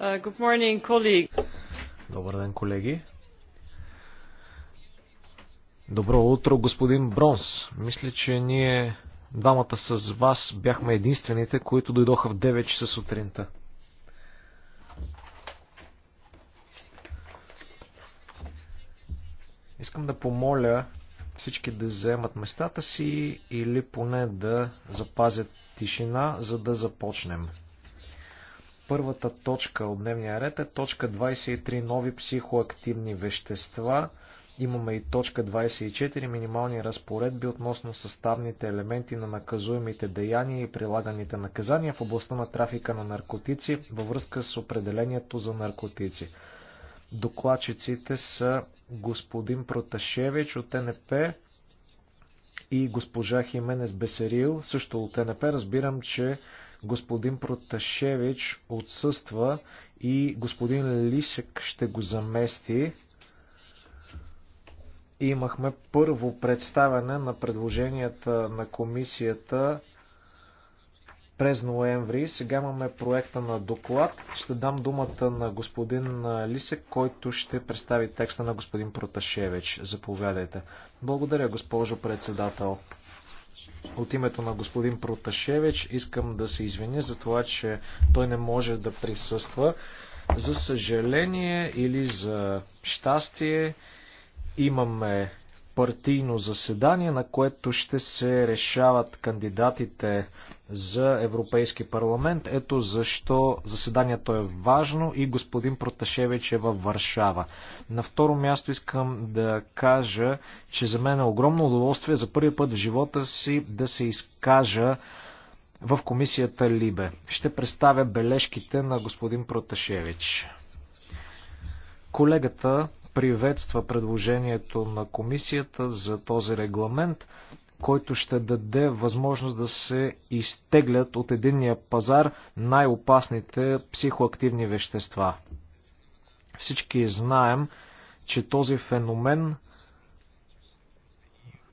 Uh, Добър ден, колеги. Добро утро, господин Бронс. Мисля, че ние двамата с вас бяхме единствените, които дойдоха в 9 часа сутринта. Искам да помоля всички да заемат местата си или поне да запазят тишина, за да започнем. Първата точка от дневния ред е точка 23 нови психоактивни вещества. Имаме и точка 24 минимални разпоредби относно съставните елементи на наказуемите деяния и прилаганите наказания в областта на трафика на наркотици във връзка с определението за наркотици. Докладчиците са господин Проташевич от НП и госпожа Хименес Бесерил, също от НП. Разбирам, че господин Проташевич отсъства и господин Лисек ще го замести. Имахме първо представяне на предложенията на комисията през ноември. Сега имаме проекта на доклад. Ще дам думата на господин Лисек, който ще представи текста на господин Проташевич. Заповядайте. Благодаря, госпожо председател. От името на господин Проташевич искам да се извиня за това, че той не може да присъства. За съжаление или за щастие имаме партийно заседание, на което ще се решават кандидатите за Европейски парламент. Ето защо заседанието е важно и господин Проташевич е във Варшава. На второ място искам да кажа, че за мен е огромно удоволствие за първи път в живота си да се изкажа в комисията Либе. Ще представя бележките на господин Проташевич. Колегата приветства предложението на комисията за този регламент който ще даде възможност да се изтеглят от единния пазар най-опасните психоактивни вещества. Всички знаем, че този феномен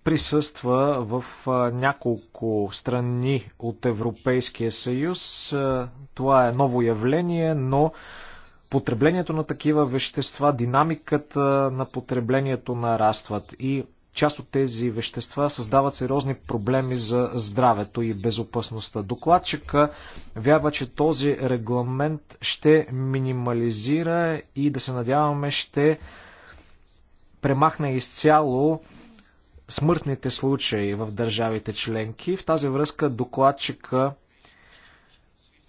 присъства в няколко страни от Европейския съюз. Това е ново явление, но потреблението на такива вещества, динамиката на потреблението нарастват и Част от тези вещества създават сериозни проблеми за здравето и безопасността. Докладчика вярва, че този регламент ще минимализира и да се надяваме ще премахне изцяло смъртните случаи в държавите членки. В тази връзка докладчика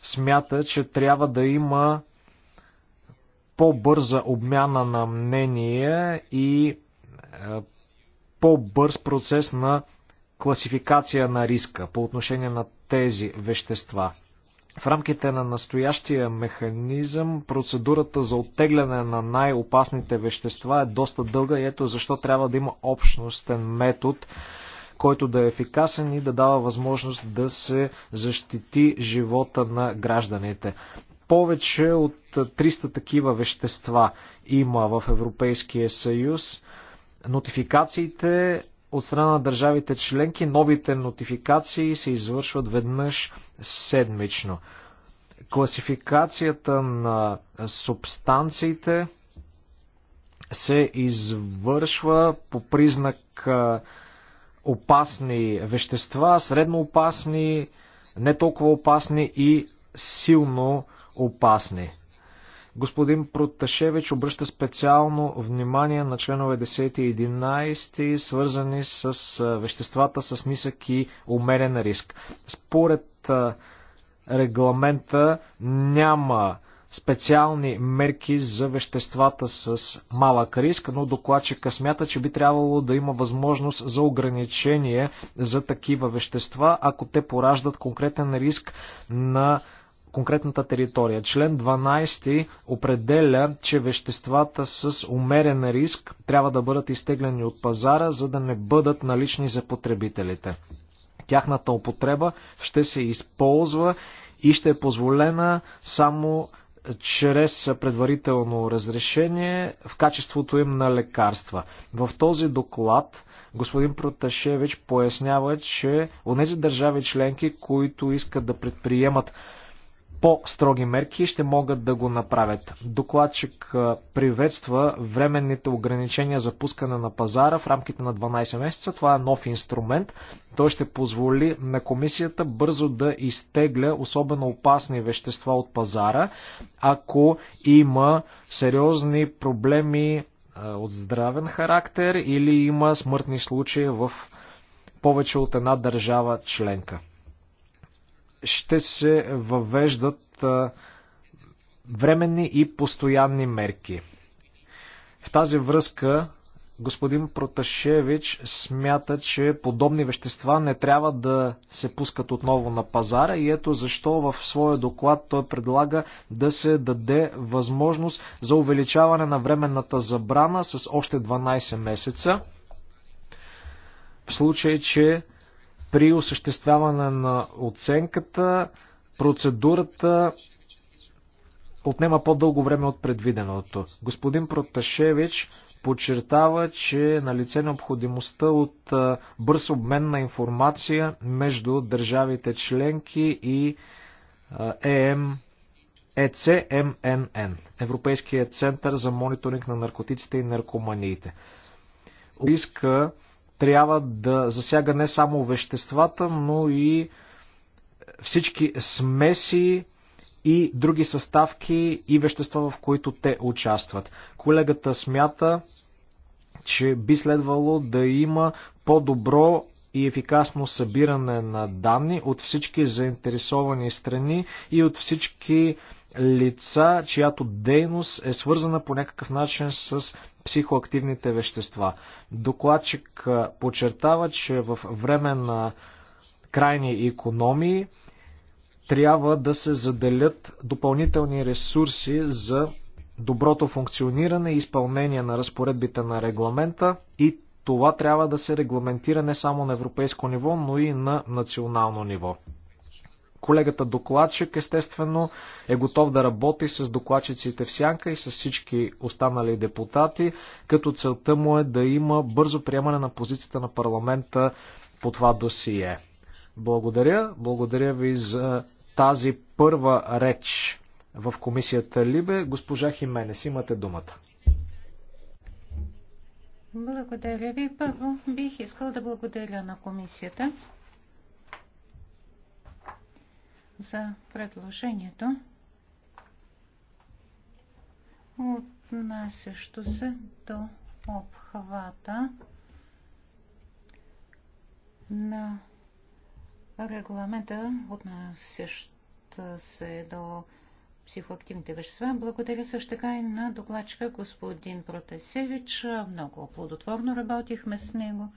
смята, че трябва да има по-бърза обмяна на мнение и е, по-бърз процес на класификация на риска по отношение на тези вещества. В рамките на настоящия механизъм процедурата за оттегляне на най-опасните вещества е доста дълга и ето защо трябва да има общностен метод, който да е ефикасен и да дава възможност да се защити живота на гражданите. Повече от 300 такива вещества има в Европейския съюз. Нотификациите от страна на държавите членки, новите нотификации се извършват веднъж седмично. Класификацията на субстанциите се извършва по признак опасни вещества, средно опасни, не толкова опасни и силно опасни. Господин Проташевич обръща специално внимание на членове 10 и 11, свързани с веществата с нисък и умерен риск. Според регламента няма специални мерки за веществата с малък риск, но докладчика смята, че би трябвало да има възможност за ограничение за такива вещества, ако те пораждат конкретен риск на конкретната територия. Член 12 определя, че веществата с умерен риск трябва да бъдат изтеглени от пазара, за да не бъдат налични за потребителите. Тяхната употреба ще се използва и ще е позволена само чрез предварително разрешение в качеството им на лекарства. В този доклад господин Проташевич пояснява, че онези държави членки, които искат да предприемат по-строги мерки ще могат да го направят. Докладчик приветства временните ограничения за пускане на пазара в рамките на 12 месеца. Това е нов инструмент. Той ще позволи на комисията бързо да изтегля особено опасни вещества от пазара, ако има сериозни проблеми от здравен характер или има смъртни случаи в повече от една държава членка ще се въвеждат временни и постоянни мерки. В тази връзка господин Проташевич смята, че подобни вещества не трябва да се пускат отново на пазара и ето защо в своя доклад той предлага да се даде възможност за увеличаване на временната забрана с още 12 месеца в случай, че при осъществяване на оценката, процедурата отнема по-дълго време от предвиденото. Господин Проташевич подчертава, че е на лице необходимостта от бърз обмен на информация между държавите членки и ЕМ ЕЦМНН, Европейския център за мониторинг на наркотиците и наркоманиите. Иска трябва да засяга не само веществата, но и всички смеси и други съставки и вещества, в които те участват. Колегата смята, че би следвало да има по-добро и ефикасно събиране на данни от всички заинтересовани страни и от всички лица, чиято дейност е свързана по някакъв начин с психоактивните вещества. Докладчик подчертава, че в време на крайни економии трябва да се заделят допълнителни ресурси за доброто функциониране и изпълнение на разпоредбите на регламента и това трябва да се регламентира не само на европейско ниво, но и на национално ниво. Колегата докладчик, естествено, е готов да работи с докладчиците в сянка и с всички останали депутати, като целта му е да има бързо приемане на позицията на парламента по това досие. Благодаря. Благодаря ви за тази първа реч в комисията Либе. Госпожа Хименес, имате думата. Благодаря ви. Първо бих искал да благодаря на комисията за предложението, отнасящо се до обхвата на регламента, отнасящ се до психоактивните вещества. Благодаря също така и на докладчика господин Протесевич. Много плодотворно работихме с него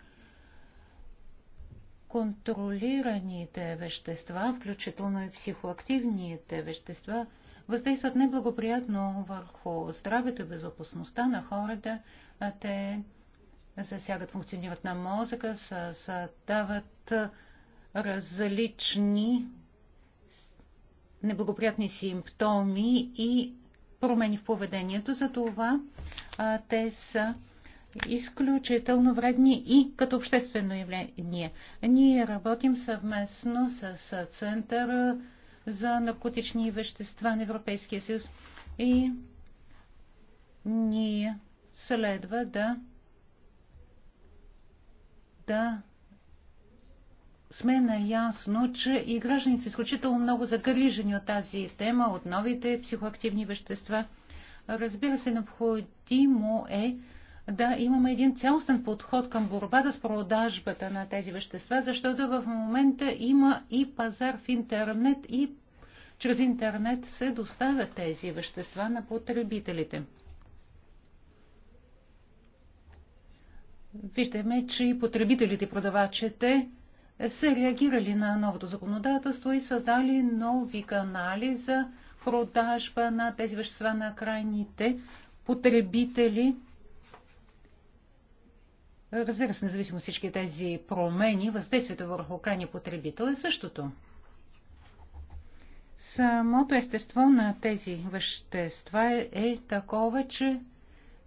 контролираните вещества, включително и психоактивните вещества, въздействат неблагоприятно върху здравето и безопасността на хората. Те засягат функционират на мозъка, създават различни неблагоприятни симптоми и промени в поведението. За това те са изключително вредни и като обществено явление. Ние работим съвместно с Центъра за наркотични вещества на Европейския съюз и ние следва да да сме наясно, че и гражданите са изключително много загрижени от тази тема, от новите психоактивни вещества. Разбира се, необходимо е да имаме един цялостен подход към борбата с продажбата на тези вещества, защото в момента има и пазар в интернет и чрез интернет се доставят тези вещества на потребителите. Виждаме, че и потребителите и продавачите са реагирали на новото законодателство и създали нови канали за продажба на тези вещества на крайните потребители – Разбира се, независимо от всички тези промени, въздействието върху крайния потребител е същото. Самото естество на тези вещества е, е такова, че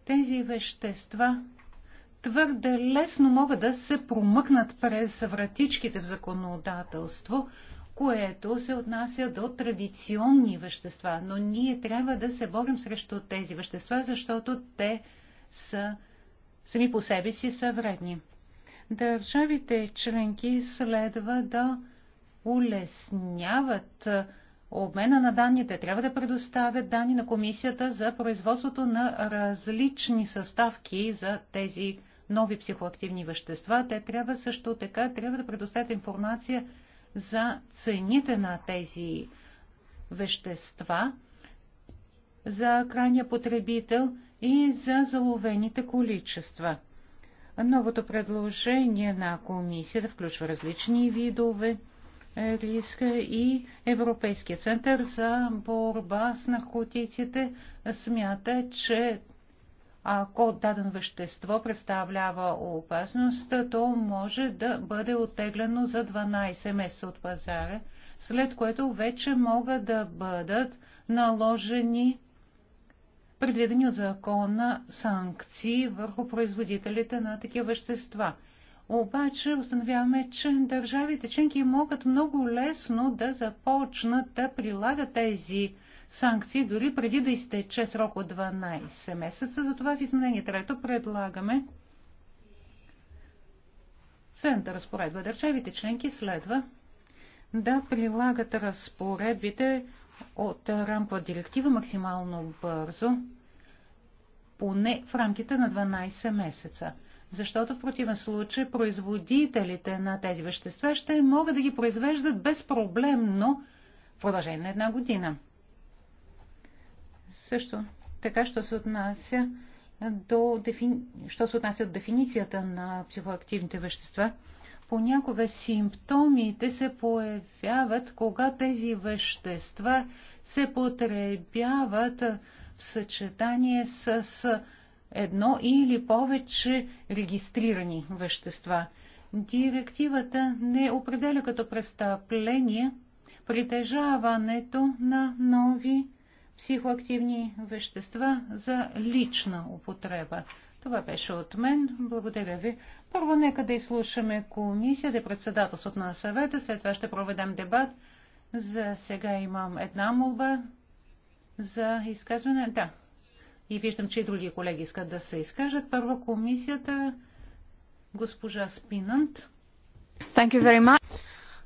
тези вещества твърде лесно могат да се промъкнат през вратичките в законодателство, което се отнася до традиционни вещества. Но ние трябва да се борим срещу тези вещества, защото те са сами по себе си са вредни. Държавите членки следва да улесняват обмена на данните. Трябва да предоставят данни на комисията за производството на различни съставки за тези нови психоактивни вещества. Те трябва също така трябва да предоставят информация за цените на тези вещества за крайния потребител и за заловените количества. Новото предложение на комисията да включва различни видове е, риска и Европейския център за борба с наркотиците смята, че ако дадено вещество представлява опасност, то може да бъде оттеглено за 12 месеца от пазара, след което вече могат да бъдат наложени предвидени от закона санкции върху производителите на такива вещества. Обаче установяваме, че държавите членки могат много лесно да започнат да прилагат тези санкции, дори преди да изтече срок от 12 месеца. Затова в изменение трето предлагаме Център разпоредба държавите членки следва да прилагат разпоредбите от рамкова директива максимално бързо, поне в рамките на 12 месеца. Защото в противен случай производителите на тези вещества ще могат да ги произвеждат безпроблемно в продължение на една година. Също така, що се отнася до дефи... що се отнася от дефиницията на психоактивните вещества, понякога симптомите се появяват, кога тези вещества се потребяват в съчетание с едно или повече регистрирани вещества. Директивата не определя като престъпление притежаването на нови психоактивни вещества за лична употреба. Това беше от мен. Благодаря ви. Първо нека да изслушаме комисията и председателството на съвета, след това ще проведем дебат. За сега имам една молба за изказване. Да. И виждам, че и други колеги искат да се изкажат. Първо комисията, госпожа Спинант. Thank you very much.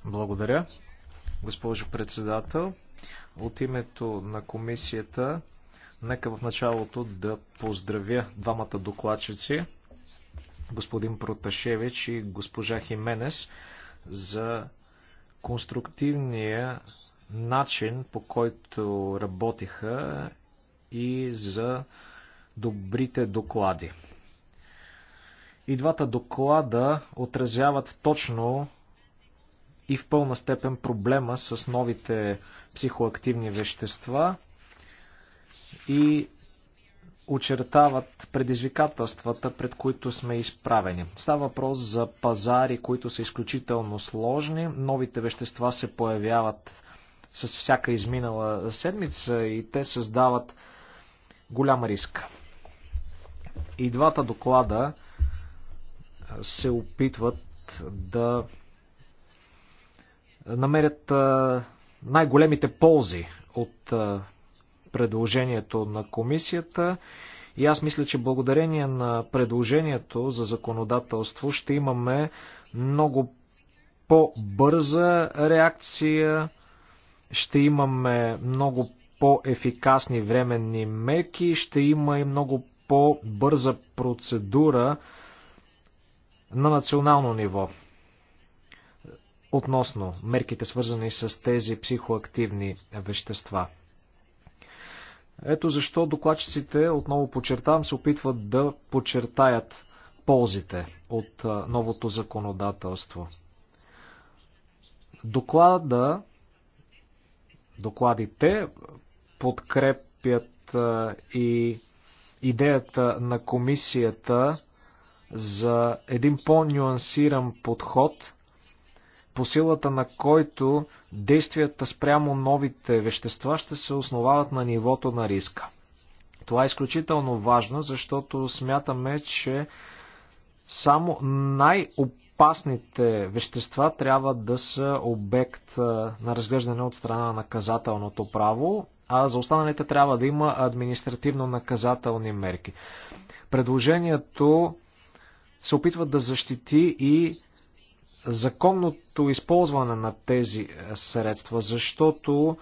Благодаря, госпожо председател. От името на комисията, нека в началото да поздравя двамата докладчици господин Проташевич и госпожа Хименес за конструктивния начин, по който работиха и за добрите доклади. И двата доклада отразяват точно и в пълна степен проблема с новите психоактивни вещества и очертават предизвикателствата, пред които сме изправени. Става въпрос за пазари, които са изключително сложни. Новите вещества се появяват с всяка изминала седмица и те създават голям риск. И двата доклада се опитват да намерят най-големите ползи от предложението на комисията. И аз мисля, че благодарение на предложението за законодателство ще имаме много по-бърза реакция, ще имаме много по-ефикасни временни мерки, ще има и много по-бърза процедура на национално ниво относно мерките свързани с тези психоактивни вещества. Ето защо докладчиците, отново подчертавам, се опитват да подчертаят ползите от новото законодателство. Доклада, докладите подкрепят и идеята на комисията за един по-нюансиран подход по силата на който действията спрямо новите вещества ще се основават на нивото на риска. Това е изключително важно, защото смятаме, че само най-опасните вещества трябва да са обект на разглеждане от страна на наказателното право, а за останалите трябва да има административно-наказателни мерки. Предложението се опитва да защити и законното използване на тези е, средства, защото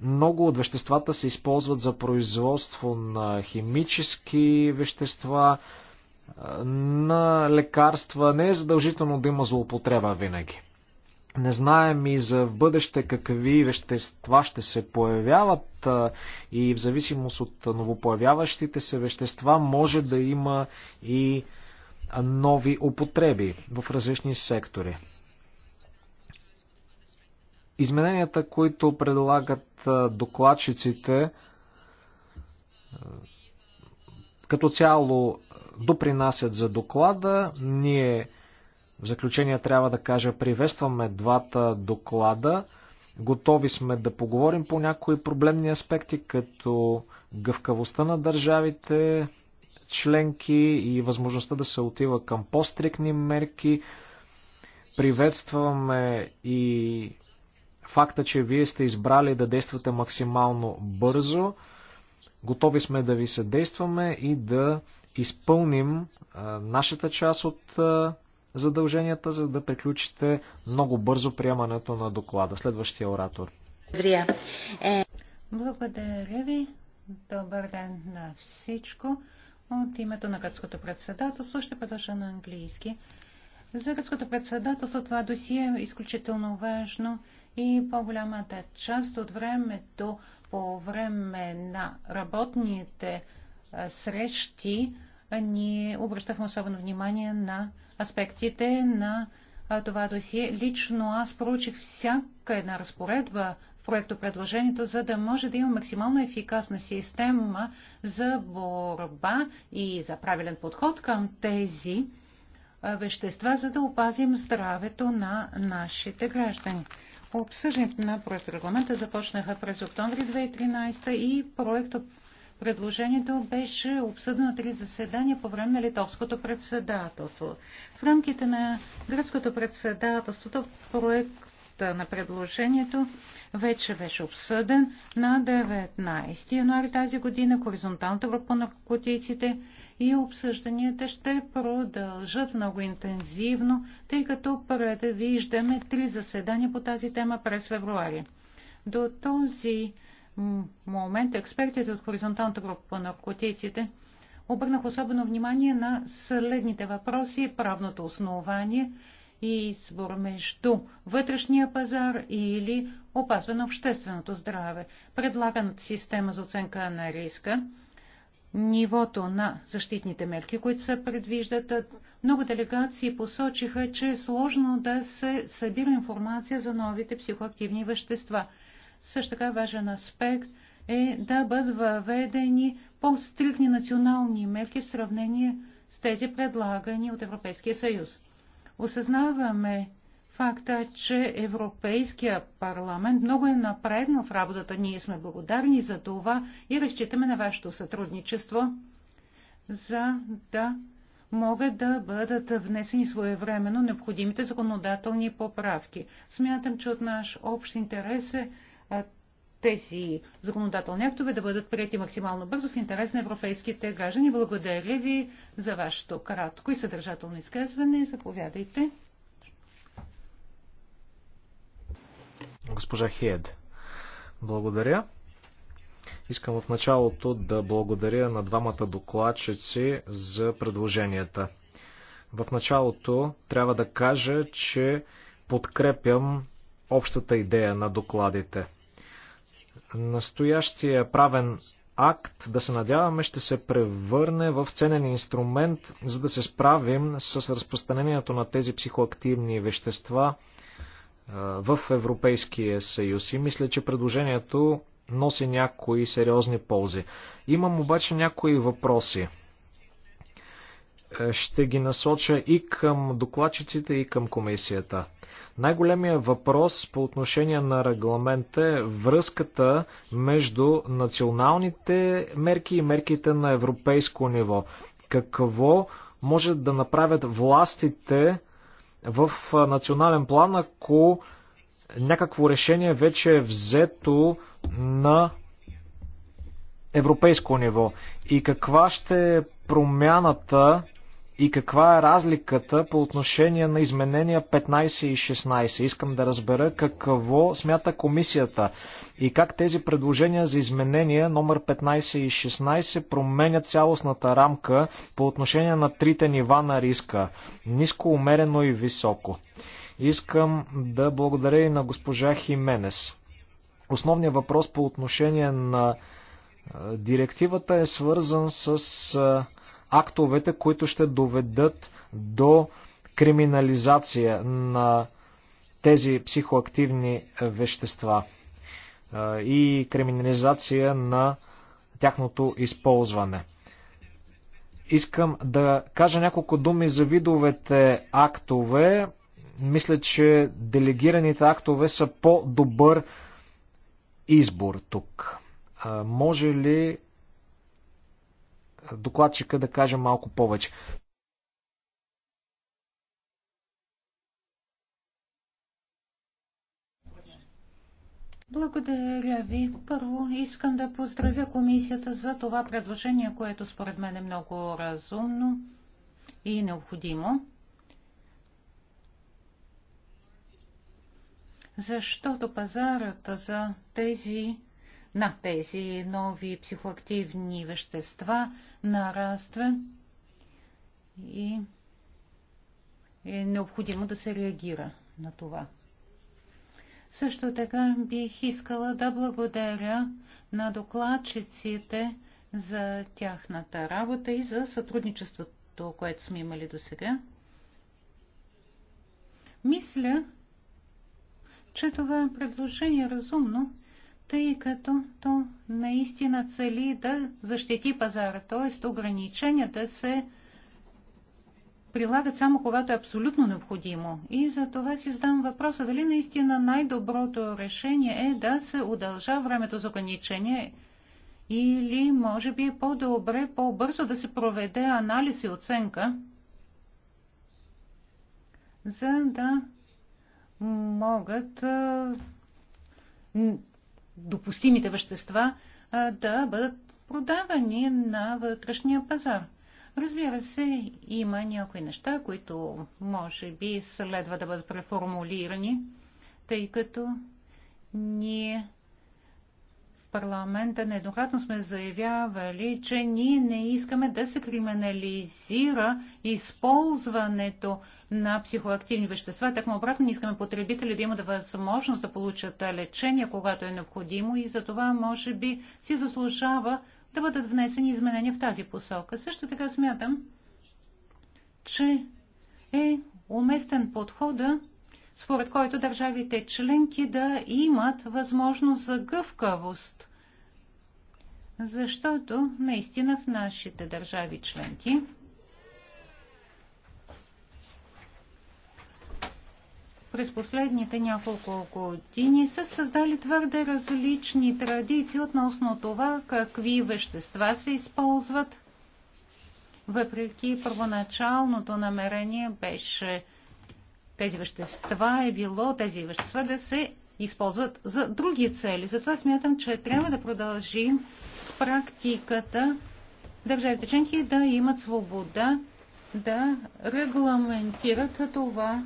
много от веществата се използват за производство на химически вещества, е, на лекарства. Не е задължително да има злоупотреба винаги. Не знаем и за в бъдеще какви вещества ще се появяват е, и в зависимост от новопоявяващите се вещества може да има и нови употреби в различни сектори. Измененията, които предлагат докладчиците, като цяло допринасят за доклада. Ние в заключение трябва да кажа, приветстваме двата доклада. Готови сме да поговорим по някои проблемни аспекти, като гъвкавостта на държавите, членки и възможността да се отива към по-стрикни мерки. Приветстваме и факта, че вие сте избрали да действате максимално бързо. Готови сме да ви съдействаме и да изпълним нашата част от задълженията, за да приключите много бързо приемането на доклада. Следващия оратор. Е. Благодаря ви. Добър ден на всичко от името на гръцкото председателство. Ще продължа на английски. За гръцкото председателство това досие е изключително важно и по-голямата част от времето по време на работните срещи ние обръщахме особено внимание на аспектите на това досие. Лично аз проучих всяка една разпоредба проектопредложението, предложението, за да може да има максимално ефикасна система за борба и за правилен подход към тези вещества, за да опазим здравето на нашите граждани. Обсъждането на проект регламента започнаха през октомври 2013 и проекто Предложението беше обсъдено три заседания по време на литовското председателство. В рамките на гръцкото председателството проект текста на предложението вече беше обсъден на 19 януари тази година. Хоризонталната група на наркотиците и обсъжданията ще продължат много интензивно, тъй като предвиждаме три заседания по тази тема през февруари. До този момент експертите от Хоризонталната група по наркотиците обърнах особено внимание на следните въпроси правното основание – избор между вътрешния пазар или опазване на общественото здраве. Предлаганата система за оценка на риска, нивото на защитните мерки, които се предвиждат, много делегации посочиха, че е сложно да се събира информация за новите психоактивни вещества. Също така важен аспект е да бъдат въведени по-стрикни национални мерки в сравнение с тези предлагани от Европейския съюз. Осъзнаваме факта, че Европейския парламент много е напреднал в работата. Ние сме благодарни за това и разчитаме на вашето сътрудничество, за да могат да бъдат внесени своевременно необходимите законодателни поправки. Смятам, че от наш общ интерес е тези законодателни актове да бъдат прияти максимално бързо в интерес на европейските граждани. Благодаря ви за вашето кратко и съдържателно изказване. Заповядайте. Госпожа Хед, благодаря. Искам в началото да благодаря на двамата докладчици за предложенията. В началото трябва да кажа, че подкрепям общата идея на докладите настоящия правен акт, да се надяваме, ще се превърне в ценен инструмент, за да се справим с разпространението на тези психоактивни вещества в Европейския съюз. И мисля, че предложението носи някои сериозни ползи. Имам обаче някои въпроси. Е, ще ги насоча и към докладчиците, и към комисията. Най-големия въпрос по отношение на регламента е връзката между националните мерки и мерките на европейско ниво. Какво може да направят властите в национален план, ако някакво решение вече е взето на европейско ниво? И каква ще е промяната и каква е разликата по отношение на изменения 15 и 16. Искам да разбера какво смята комисията и как тези предложения за изменения номер 15 и 16 променят цялостната рамка по отношение на трите нива на риска – ниско, умерено и високо. Искам да благодаря и на госпожа Хименес. Основният въпрос по отношение на директивата е свързан с актовете, които ще доведат до криминализация на тези психоактивни вещества и криминализация на тяхното използване. Искам да кажа няколко думи за видовете актове. Мисля, че делегираните актове са по-добър избор тук. Може ли докладчика да каже малко повече. Благодаря ви. Първо искам да поздравя комисията за това предложение, което според мен е много разумно и необходимо. Защото пазарата за тези на тези нови психоактивни вещества нараства и е необходимо да се реагира на това. Също така бих искала да благодаря на докладчиците за тяхната работа и за сътрудничеството, което сме имали до сега. Мисля, че това предложение е разумно тъй като то наистина цели да защити пазара, т.е. ограниченията се прилагат само когато е абсолютно необходимо. И за това си задам въпроса, дали наистина най-доброто решение е да се удължа времето за ограничение или може би е по-добре, по-бързо да се проведе анализ и оценка, за да могат допустимите вещества да бъдат продавани на вътрешния пазар. Разбира се, има някои неща, които може би следва да бъдат преформулирани, тъй като ние парламента нееднократно сме заявявали, че ние не искаме да се криминализира използването на психоактивни вещества. Така обратно, не искаме потребители да имат възможност да получат лечение, когато е необходимо и за това може би си заслужава да бъдат внесени изменения в тази посока. Също така смятам, че е уместен подхода според който държавите членки да имат възможност за гъвкавост. Защото наистина в нашите държави членки през последните няколко години са създали твърде различни традиции относно това какви вещества се използват. Въпреки първоначалното намерение беше тези вещества е било тези вещества да се използват за други цели. Затова смятам, че трябва да продължим с практиката държавите членки да имат свобода да регламентират това,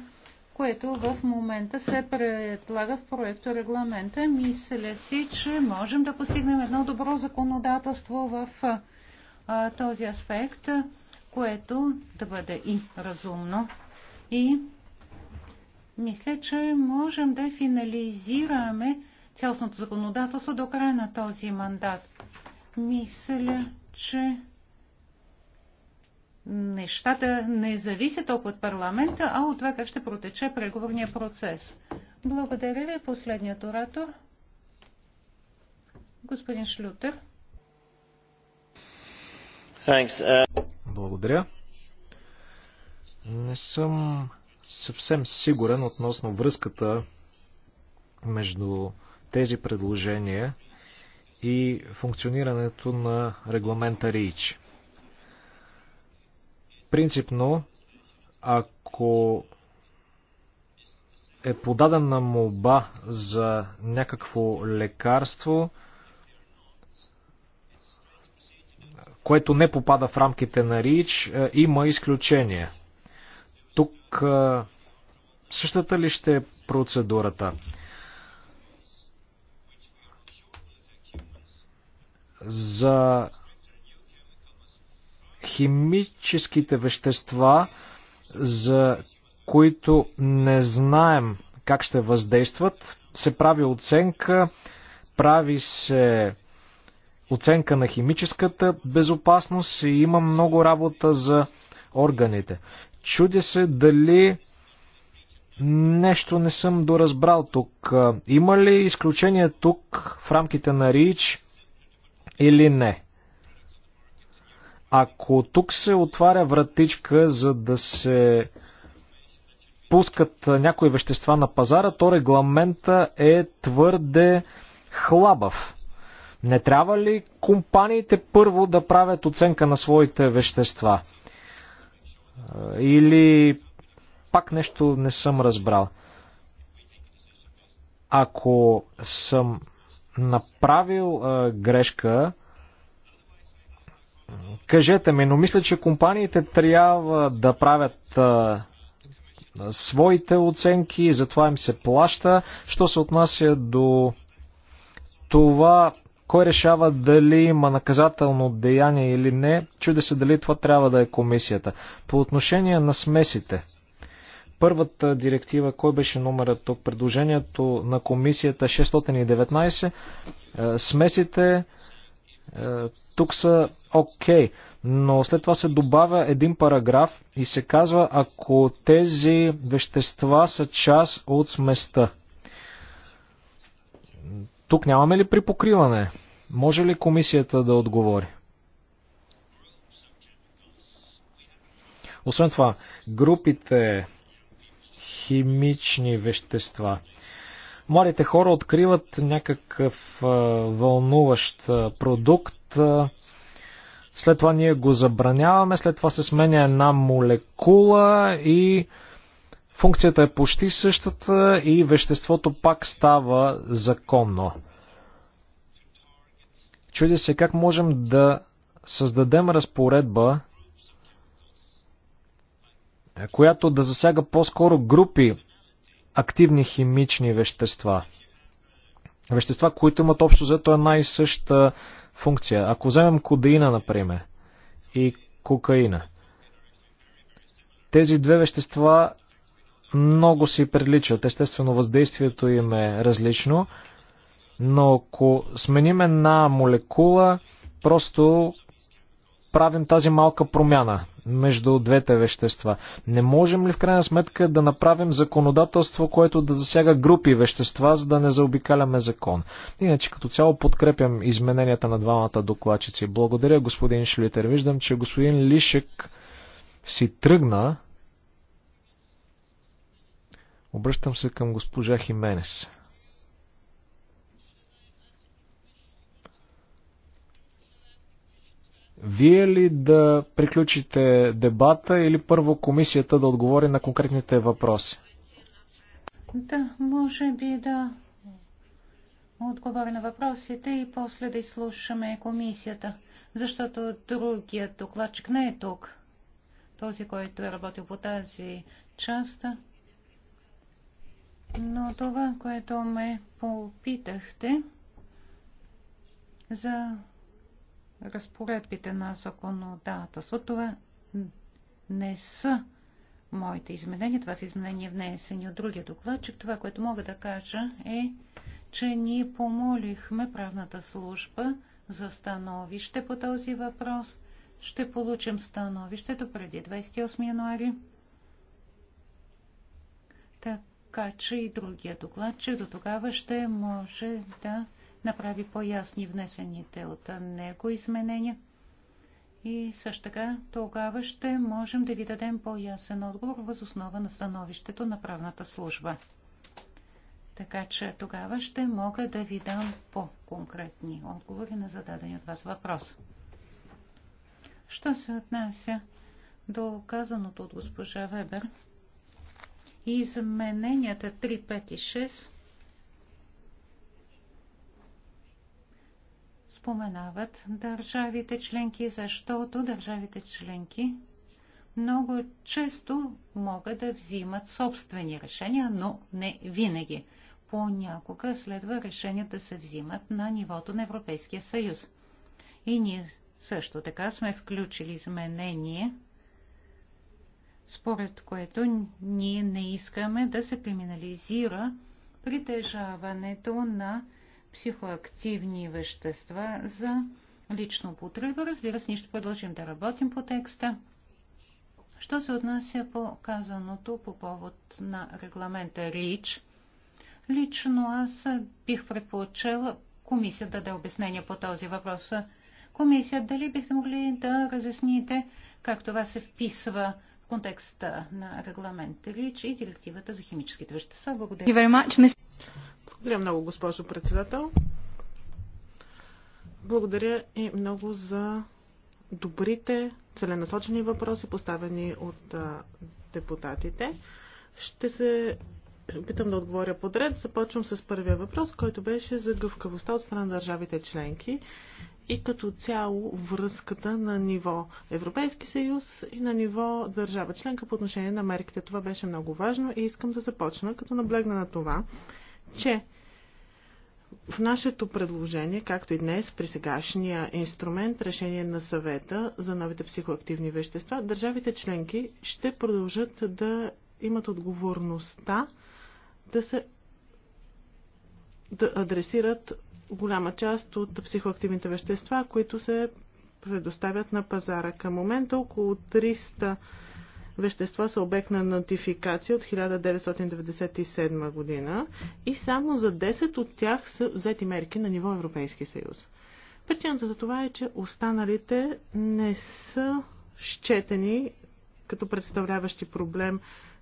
което в момента се предлага в проекто регламента. Мисля си, че можем да постигнем едно добро законодателство в а, този аспект, което да бъде и разумно, и мисля, че можем да финализираме цялостното законодателство до края на този мандат. Мисля, че нещата не зависят толкова от парламента, а от това как ще протече преговорния процес. Благодаря ви, последният оратор. Господин Шлютер. Thanks. Uh, Благодаря. Не съм съвсем сигурен относно връзката между тези предложения и функционирането на регламента РИЧ. Принципно, ако е подадена молба за някакво лекарство, което не попада в рамките на РИЧ, е, има изключение пък същата ли ще е процедурата? За химическите вещества, за които не знаем как ще въздействат, се прави оценка, прави се оценка на химическата безопасност и има много работа за органите. Чудя се дали нещо не съм доразбрал тук. Има ли изключение тук в рамките на РИЧ или не? Ако тук се отваря вратичка, за да се пускат някои вещества на пазара, то регламента е твърде хлабав. Не трябва ли компаниите първо да правят оценка на своите вещества? Или пак нещо не съм разбрал. Ако съм направил а, грешка, кажете ми, но мисля, че компаниите трябва да правят а, своите оценки, затова им се плаща. Що се отнася до това кой решава дали има наказателно деяние или не? Чуде се дали това трябва да е комисията. По отношение на смесите, първата директива, кой беше номера тук? Предложението на комисията 619. Е е, смесите е, тук са окей, okay, но след това се добавя един параграф и се казва, ако тези вещества са част от сместа. Тук нямаме ли припокриване? Може ли комисията да отговори? Освен това, групите химични вещества. Младите хора откриват някакъв вълнуващ продукт. след това ние го забраняваме, след това се сменя една молекула и Функцията е почти същата и веществото пак става законно. Чуди се как можем да създадем разпоредба, която да засяга по-скоро групи активни химични вещества. Вещества, които имат общо взето една и съща функция. Ако вземем кодеина, например, и кокаина, тези две вещества много си приличат. Естествено, въздействието им е различно, но ако сменим една молекула, просто правим тази малка промяна между двете вещества. Не можем ли в крайна сметка да направим законодателство, което да засяга групи вещества, за да не заобикаляме закон? Иначе като цяло подкрепям измененията на двамата докладчици. Благодаря господин Шлитер. Виждам, че господин Лишек си тръгна. Обръщам се към госпожа Хименес. Вие ли да приключите дебата или първо комисията да отговори на конкретните въпроси? Да, може би да отговори на въпросите и после да изслушаме комисията, защото другият докладчик не е тук. Този, който е работил по тази част, но това, което ме попитахте за разпоредбите на законодателство, това не са моите изменения. Това са изменения внесени от другия докладчик. Това, което мога да кажа е, че ние помолихме правната служба за становище по този въпрос. Ще получим становището преди 28 януари. Така така че и другия доклад, че до тогава ще може да направи по-ясни внесените от него изменения. И също така тогава ще можем да ви дадем по-ясен отговор въз основа на становището на правната служба. Така че тогава ще мога да ви дам по-конкретни отговори на зададени от вас въпрос. Що се отнася до казаното от госпожа Вебер – измененията 3, 5 и 6 споменават държавите членки, защото държавите членки много често могат да взимат собствени решения, но не винаги. Понякога следва решенията да се взимат на нивото на Европейския съюз. И ние също така сме включили изменение според което ние не искаме да се криминализира притежаването на психоактивни вещества за лично потреба. Разбира се, ние ще продължим да работим по текста. Що се отнася по казаното по повод на регламента РИЧ, лично аз бих предпочела комисията да даде обяснение по този въпрос. Комисия, дали бихте могли да разясните как това се вписва контекста на регламента РИЧ и директивата за химическите вещества. Благодаря. Благодаря много, госпожо председател. Благодаря и много за добрите, целенасочени въпроси, поставени от депутатите. Ще се опитам да отговоря подред. Започвам с първия въпрос, който беше за гъвкавостта от страна на държавите членки и като цяло връзката на ниво Европейски съюз и на ниво държава членка по отношение на мерките. Това беше много важно и искам да започна като наблегна на това, че в нашето предложение, както и днес при сегашния инструмент решение на съвета за новите психоактивни вещества, държавите членки ще продължат да имат отговорността да се да адресират голяма част от психоактивните вещества, които се предоставят на пазара. Към момента около 300 вещества са обект на нотификация от 1997 година и само за 10 от тях са взети мерки на ниво Европейски съюз. Причината за това е, че останалите не са щетени като представляващи проблем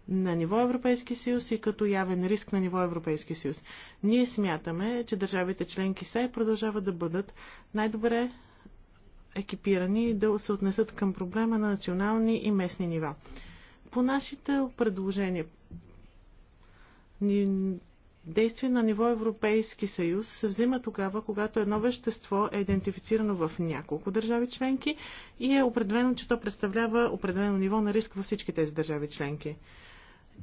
на ниво Европейски съюз и като явен риск на ниво Европейски съюз. Ние смятаме, че държавите членки са и продължават да бъдат най-добре екипирани и да се отнесат към проблема на национални и местни нива. По нашите предложения, действия на ниво Европейски съюз се взима тогава, когато едно вещество е идентифицирано в няколко държави членки и е определено, че то представлява определено ниво на риск във всички тези държави членки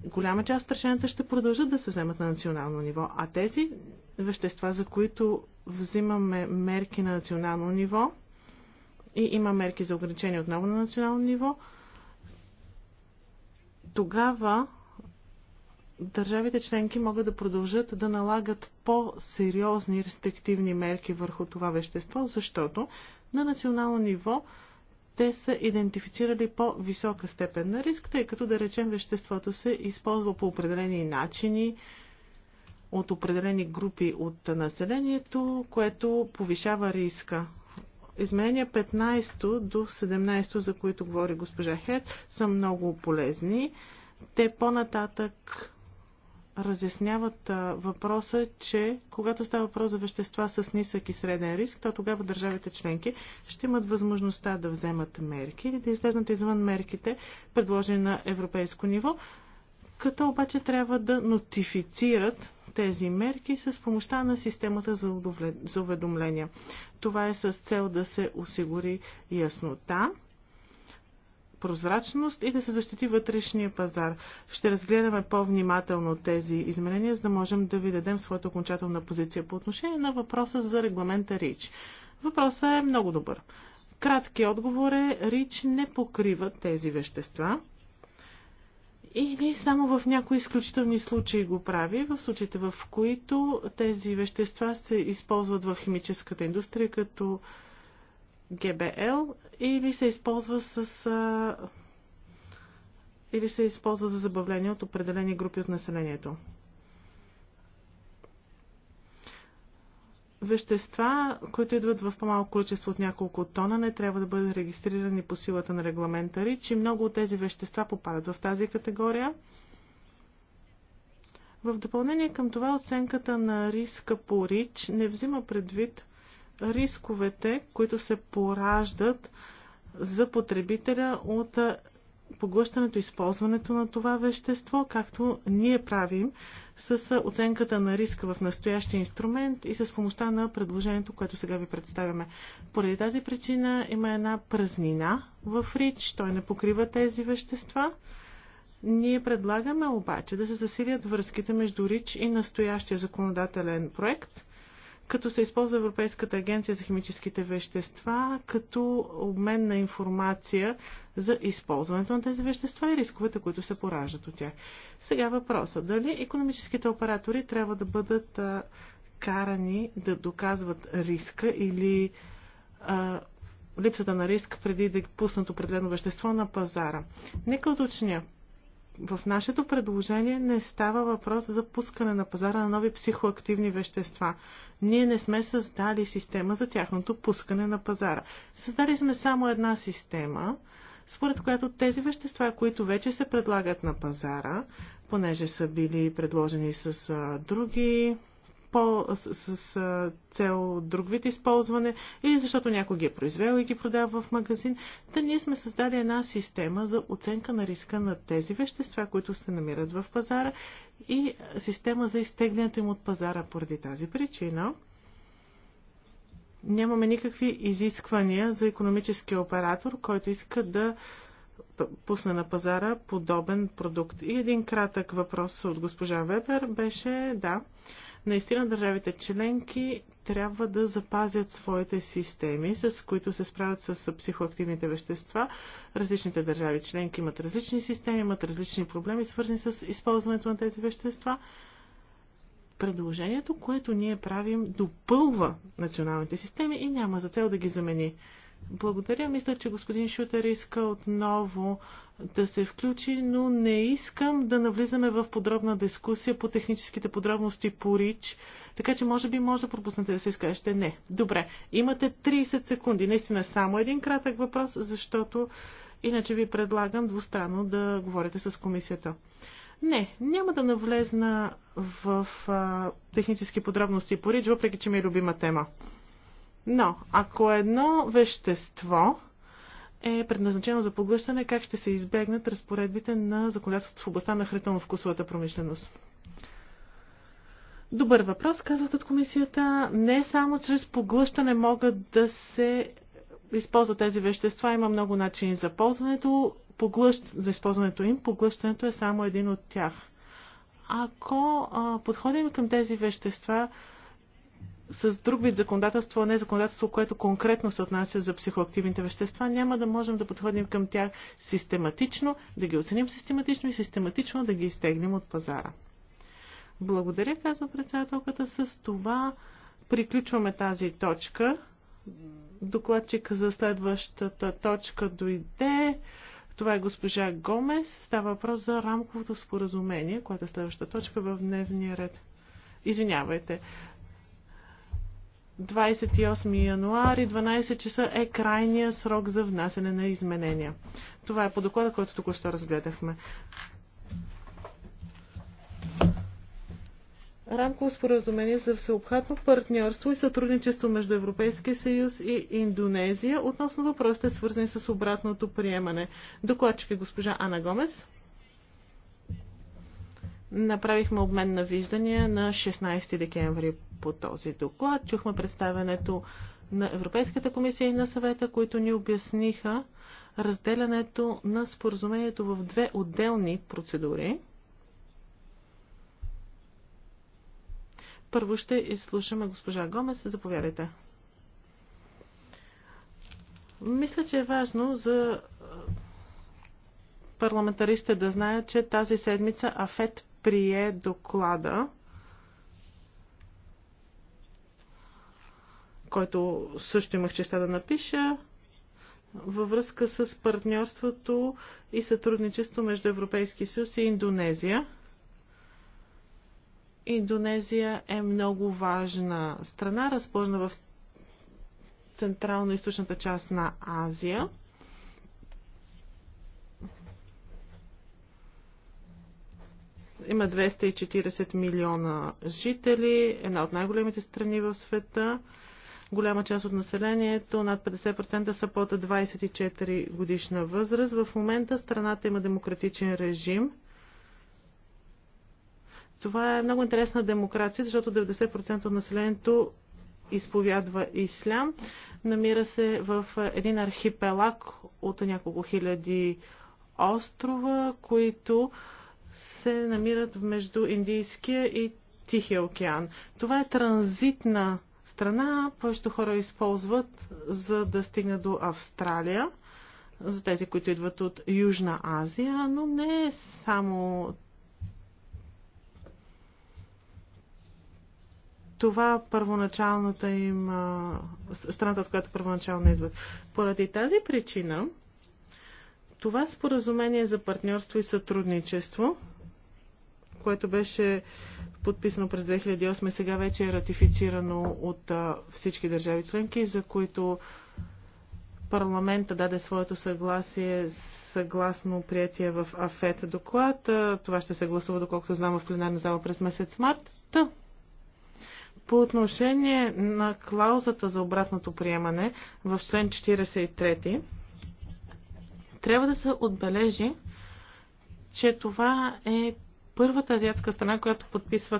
голяма част от решенията ще продължат да се вземат на национално ниво, а тези вещества, за които взимаме мерки на национално ниво и има мерки за ограничение отново на национално ниво, тогава държавите членки могат да продължат да налагат по-сериозни рестриктивни мерки върху това вещество, защото на национално ниво те са идентифицирали по-висока степен на риск, тъй като да речем веществото се използва по определени начини от определени групи от населението, което повишава риска. Изменения 15 до 17, за които говори госпожа Хед, са много полезни. Те по-нататък разясняват въпроса, че когато става въпрос за вещества с нисък и среден риск, то тогава държавите членки ще имат възможността да вземат мерки или да излезнат извън мерките, предложени на европейско ниво, като обаче трябва да нотифицират тези мерки с помощта на системата за уведомления. Това е с цел да се осигури яснота прозрачност и да се защити вътрешния пазар. Ще разгледаме по-внимателно тези изменения, за да можем да ви дадем своята окончателна позиция по отношение на въпроса за регламента РИЧ. Въпросът е много добър. Кратки отговор е, РИЧ не покрива тези вещества. Или само в някои изключителни случаи го прави, в случаите в които тези вещества се използват в химическата индустрия като ГБЛ или се използва с а, или се използва за забавление от определени групи от населението. Вещества, които идват в по-малко количество от няколко тона, не трябва да бъдат регистрирани по силата на регламента РИЧ и много от тези вещества попадат в тази категория. В допълнение към това оценката на риска по РИЧ не взима предвид рисковете, които се пораждат за потребителя от поглъщането, използването на това вещество, както ние правим с оценката на риска в настоящия инструмент и с помощта на предложението, което сега ви представяме. Поради тази причина има една празнина в РИЧ, той не покрива тези вещества. Ние предлагаме обаче да се засилят връзките между РИЧ и настоящия законодателен проект – като се използва Европейската агенция за химическите вещества като обмен на информация за използването на тези вещества и рисковете, които се пораждат от тях. Сега въпроса. Дали економическите оператори трябва да бъдат а, карани да доказват риска или а, липсата на риск преди да е пуснат определено вещество на пазара. Нека уточня. В нашето предложение не става въпрос за пускане на пазара на нови психоактивни вещества. Ние не сме създали система за тяхното пускане на пазара. Създали сме само една система, според която тези вещества, които вече се предлагат на пазара, понеже са били предложени с а, други по, с, с, с цел друг вид използване или защото някой ги е произвел и ги продава в магазин. Та ние сме създали една система за оценка на риска на тези вещества, които се намират в пазара и система за изтеглянето им от пазара поради тази причина. Нямаме никакви изисквания за економически оператор, който иска да пусне на пазара подобен продукт. И един кратък въпрос от госпожа Вебер беше, да, Наистина държавите членки трябва да запазят своите системи, с които се справят с психоактивните вещества. Различните държави членки имат различни системи, имат различни проблеми, свързани с използването на тези вещества. Предложението, което ние правим, допълва националните системи и няма за цел да ги замени. Благодаря. Мисля, че господин Шутер иска отново да се включи, но не искам да навлизаме в подробна дискусия по техническите подробности по РИЧ, така че може би може да пропуснете да се изкажете. Не. Добре. Имате 30 секунди. Наистина само един кратък въпрос, защото иначе ви предлагам двустранно да говорите с комисията. Не, няма да навлезна в а, технически подробности по РИЧ, въпреки че ми е любима тема. Но, ако едно вещество е предназначено за поглъщане, как ще се избегнат разпоредбите на законодателството в областта на хранително-вкусовата промишленост? Добър въпрос, казват от комисията. Не само чрез поглъщане могат да се използват тези вещества. Има много начини за ползването. Поглъщ... За използването им, поглъщането е само един от тях. Ако а, подходим към тези вещества с друг вид законодателство, а не законодателство, което конкретно се отнася за психоактивните вещества, няма да можем да подходим към тях систематично, да ги оценим систематично и систематично да ги изтегнем от пазара. Благодаря, казва председателката. С това приключваме тази точка. Докладчика за следващата точка дойде. Това е госпожа Гомес. Става въпрос за рамковото споразумение, което е следващата точка в дневния ред. Извинявайте. 28 януари, 12 часа е крайния срок за внасене на изменения. Това е по доклада, който току-що разгледахме. Рамково споразумение за всеобхватно партньорство и сътрудничество между Европейския съюз и Индонезия относно въпросите свързани с обратното приемане. Докладчик е госпожа Ана Гомес. Направихме обмен на виждания на 16 декември по този доклад. Чухме представянето на Европейската комисия и на съвета, които ни обясниха разделянето на споразумението в две отделни процедури. Първо ще изслушаме госпожа Гомес. Заповядайте. Мисля, че е важно за парламентаристите да знаят, че тази седмица АФЕТ прие доклада, който също имах честа да напиша, във връзка с партньорството и сътрудничество между Европейски съюз и Индонезия. Индонезия е много важна страна, разположена в централно-источната част на Азия. Има 240 милиона жители, една от най-големите страни в света. Голяма част от населението, над 50% са под 24 годишна възраст. В момента страната има демократичен режим. Това е много интересна демокрация, защото 90% от населението изповядва ислям. Намира се в един архипелаг от няколко хиляди острова, които се намират между Индийския и Тихия океан. Това е транзитна страна, повечето хора използват за да стигнат до Австралия, за тези, които идват от Южна Азия, но не е само това първоначалната им страната, от която първоначално идват. Поради тази причина това споразумение за партньорство и сътрудничество, което беше подписано през 2008 и сега вече е ратифицирано от всички държави членки, за които парламента даде своето съгласие съгласно приятие в АФЕТ доклад. Това ще се гласува, доколкото знам, в пленарна зала през месец март. Та. По отношение на клаузата за обратното приемане в член 43, трябва да се отбележи, че това е първата азиатска страна, която подписва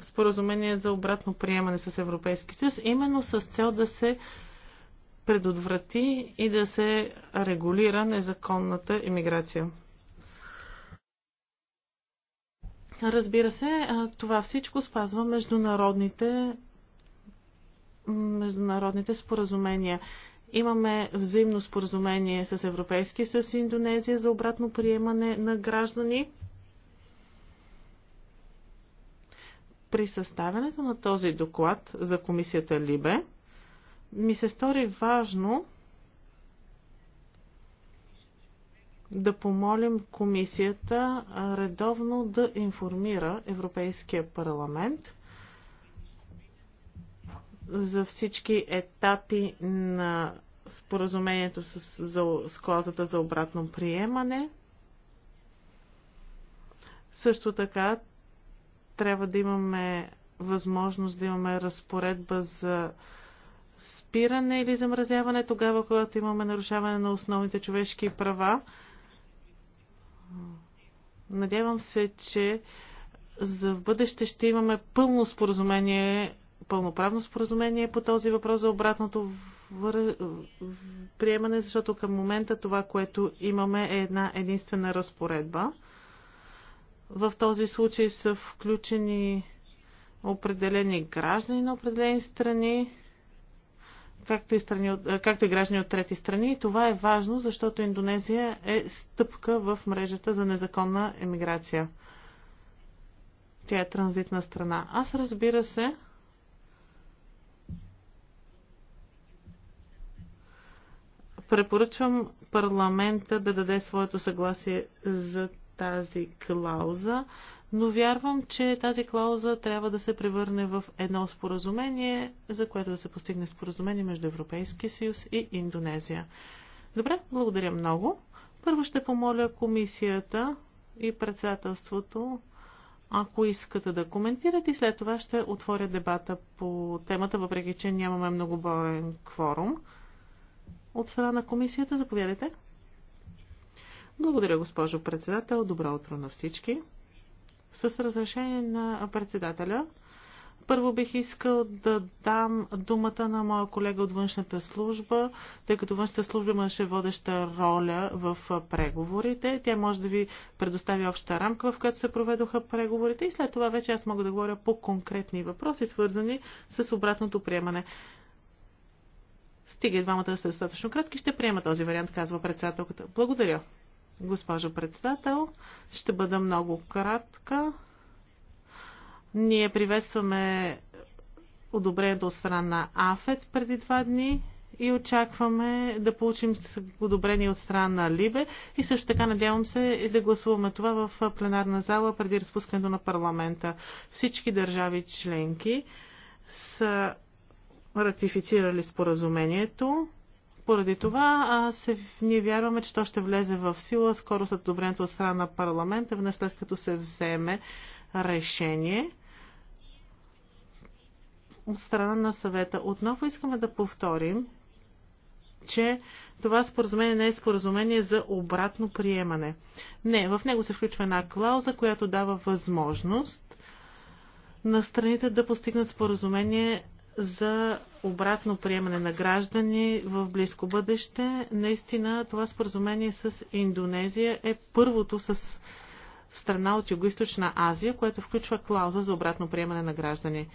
споразумение за обратно приемане с Европейски съюз, именно с цел да се предотврати и да се регулира незаконната иммиграция. Разбира се, това всичко спазва международните, международните споразумения. Имаме взаимно споразумение с Европейския съюз и Индонезия за обратно приемане на граждани. При съставянето на този доклад за комисията Либе ми се стори важно да помолим комисията редовно да информира Европейския парламент – за всички етапи на споразумението с, за, с клазата за обратно приемане. Също така трябва да имаме възможност да имаме разпоредба за спиране или замразяване тогава, когато имаме нарушаване на основните човешки права. Надявам се, че за в бъдеще ще имаме пълно споразумение пълноправно споразумение по този въпрос за обратното вър... приемане, защото към момента това, което имаме е една единствена разпоредба. В този случай са включени определени граждани на определени страни, както и, страни от, както и граждани от трети страни. И това е важно, защото Индонезия е стъпка в мрежата за незаконна емиграция. Тя е транзитна страна. Аз разбира се, Препоръчвам парламента да даде своето съгласие за тази клауза, но вярвам, че тази клауза трябва да се превърне в едно споразумение, за което да се постигне споразумение между Европейския съюз и Индонезия. Добре, благодаря много. Първо ще помоля комисията и председателството, ако искате да коментирате, и след това ще отворя дебата по темата, въпреки че нямаме много боен кворум от страна на комисията. Заповядайте. Благодаря, госпожо председател. Добро утро на всички. С разрешение на председателя, първо бих искал да дам думата на моя колега от външната служба, тъй като външната служба имаше водеща роля в преговорите. Тя може да ви предостави обща рамка, в която се проведоха преговорите и след това вече аз мога да говоря по конкретни въпроси, свързани с обратното приемане. Стига и двамата да сте достатъчно кратки, ще приема този вариант, казва председателката. Благодаря, госпожо председател. Ще бъда много кратка. Ние приветстваме одобрението от страна на АФЕД преди два дни и очакваме да получим одобрение от страна на Либе и също така надявам се и да гласуваме това в пленарна зала преди разпускането на парламента. Всички държави членки са ратифицирали споразумението. Поради това а, се, ние вярваме, че то ще влезе в сила скоро след одобрението от страна на парламента, веднъж след като се вземе решение от страна на съвета. Отново искаме да повторим, че това споразумение не е споразумение за обратно приемане. Не, в него се включва една клауза, която дава възможност на страните да постигнат споразумение за обратно приемане на граждани в близко бъдеще. Наистина това споразумение с Индонезия е първото с страна от Юго-Источна Азия, което включва клауза за обратно приемане на граждани.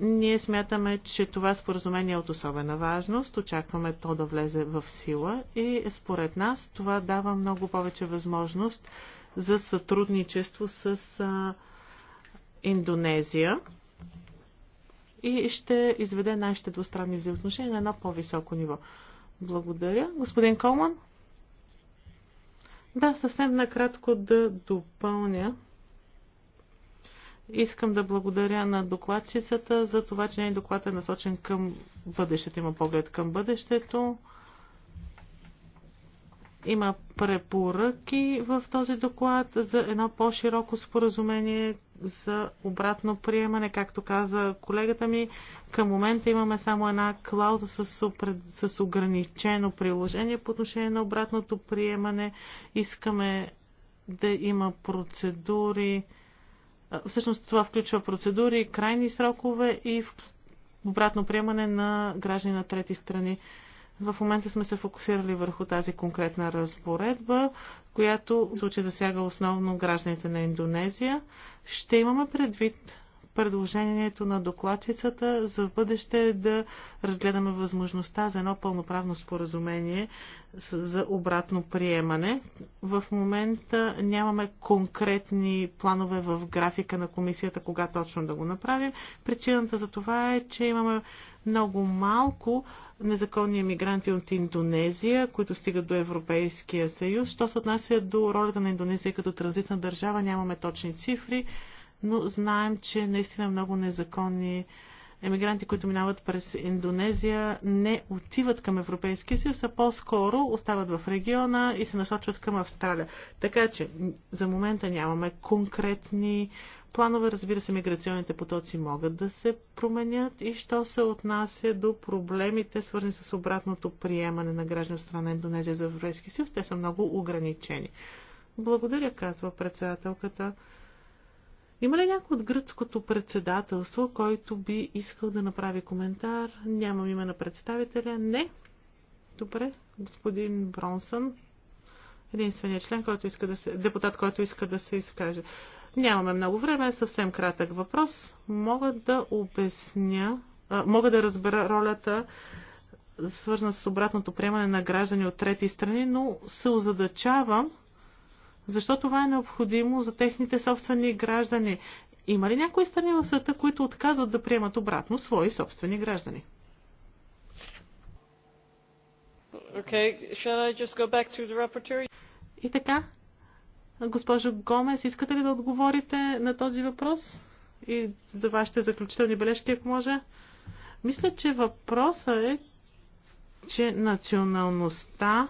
Ние смятаме, че това споразумение е от особена важност. Очакваме то да влезе в сила и според нас това дава много повече възможност за сътрудничество с Индонезия и ще изведе нашите двустранни взаимоотношения на едно по-високо ниво. Благодаря. Господин Колман? Да, съвсем накратко да допълня. Искам да благодаря на докладчицата за това, че не доклад е насочен към бъдещето. Има поглед към бъдещето. Има препоръки в този доклад за едно по-широко споразумение за обратно приемане. Както каза колегата ми, към момента имаме само една клауза с, с ограничено приложение по отношение на обратното приемане. Искаме да има процедури. Всъщност това включва процедури, крайни срокове и обратно приемане на граждани на трети страни. В момента сме се фокусирали върху тази конкретна разпоредба, която в случай засяга основно гражданите на Индонезия. Ще имаме предвид предложението на докладчицата за бъдеще да разгледаме възможността за едно пълноправно споразумение за обратно приемане. В момента нямаме конкретни планове в графика на комисията, кога точно да го направим. Причината за това е, че имаме много малко незаконни емигранти от Индонезия, които стигат до Европейския съюз. Що се отнася до ролята на Индонезия като транзитна държава, нямаме точни цифри но знаем, че наистина много незаконни емигранти, които минават през Индонезия, не отиват към Европейския съюз, а по-скоро остават в региона и се насочват към Австралия. Така че за момента нямаме конкретни планове. Разбира се, миграционните потоци могат да се променят и що се отнася до проблемите, свързани с обратното приемане на граждан страна на Индонезия за Европейския съюз, те са много ограничени. Благодаря, казва председателката. Има ли някой от гръцкото председателство, който би искал да направи коментар? Нямам име на представителя. Не. Добре. Господин Бронсън. Единственият член, който иска да се... депутат, който иска да се изкаже. Нямаме много време. Съвсем кратък въпрос. Мога да обясня... А, мога да разбера ролята свързана с обратното приемане на граждани от трети страни, но се озадачавам защо това е необходимо за техните собствени граждани? Има ли някои страни в света, които отказват да приемат обратно свои собствени граждани? Okay. Shall I just go back to the rapporteur? И така, госпожо Гомес, искате ли да отговорите на този въпрос? И за вашите заключителни бележки, ако може. Мисля, че въпросът е, че националността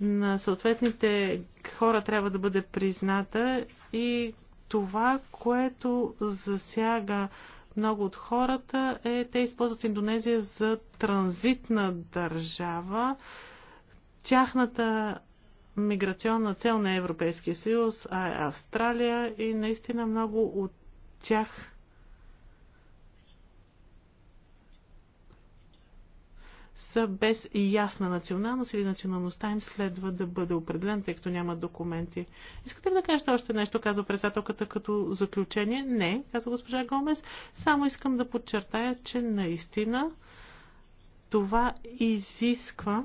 на съответните хора трябва да бъде призната и това, което засяга много от хората е, те използват Индонезия за транзитна държава. Тяхната миграционна цел на Европейския съюз, а е Австралия и наистина много от тях са без ясна националност или националността им следва да бъде определен, тъй като няма документи. Искате ли да кажете още нещо, казва председателката като заключение? Не, казва госпожа Гомес. Само искам да подчертая, че наистина това изисква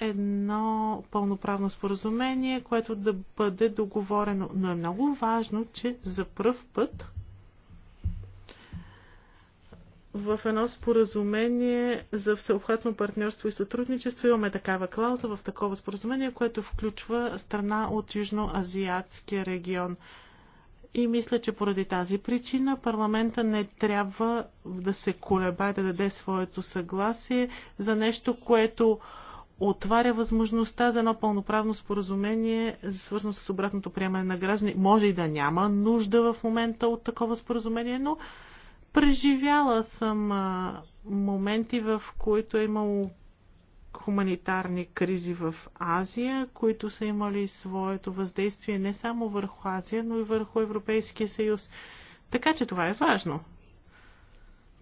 едно пълноправно споразумение, което да бъде договорено. Но е много важно, че за пръв път в едно споразумение за всеобхватно партньорство и сътрудничество имаме такава клауза в такова споразумение, което включва страна от Южноазиатския регион. И мисля, че поради тази причина парламента не трябва да се колебае да даде своето съгласие за нещо, което отваря възможността за едно пълноправно споразумение, свързано с обратното приемане на граждани. Може и да няма нужда в момента от такова споразумение, но Преживяла съм моменти, в които е имало хуманитарни кризи в Азия, които са имали своето въздействие не само върху Азия, но и върху Европейския съюз. Така че това е важно.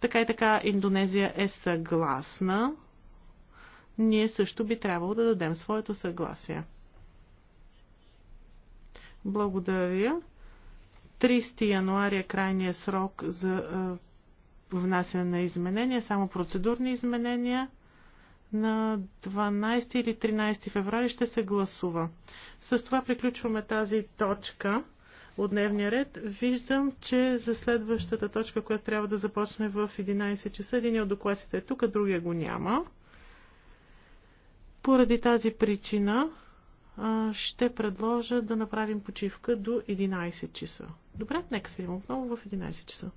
Така и така Индонезия е съгласна. Ние също би трябвало да дадем своето съгласие. Благодаря. 30 януари е крайния срок за е, внасяне на изменения, само процедурни изменения. На 12 или 13 феврали ще се гласува. С това приключваме тази точка от дневния ред. Виждам, че за следващата точка, която трябва да започне в 11 часа, един от докладите е тук, а другия го няма. Поради тази причина ще предложа да направим почивка до 11 часа. Добре, нека се видим отново в 11 часа.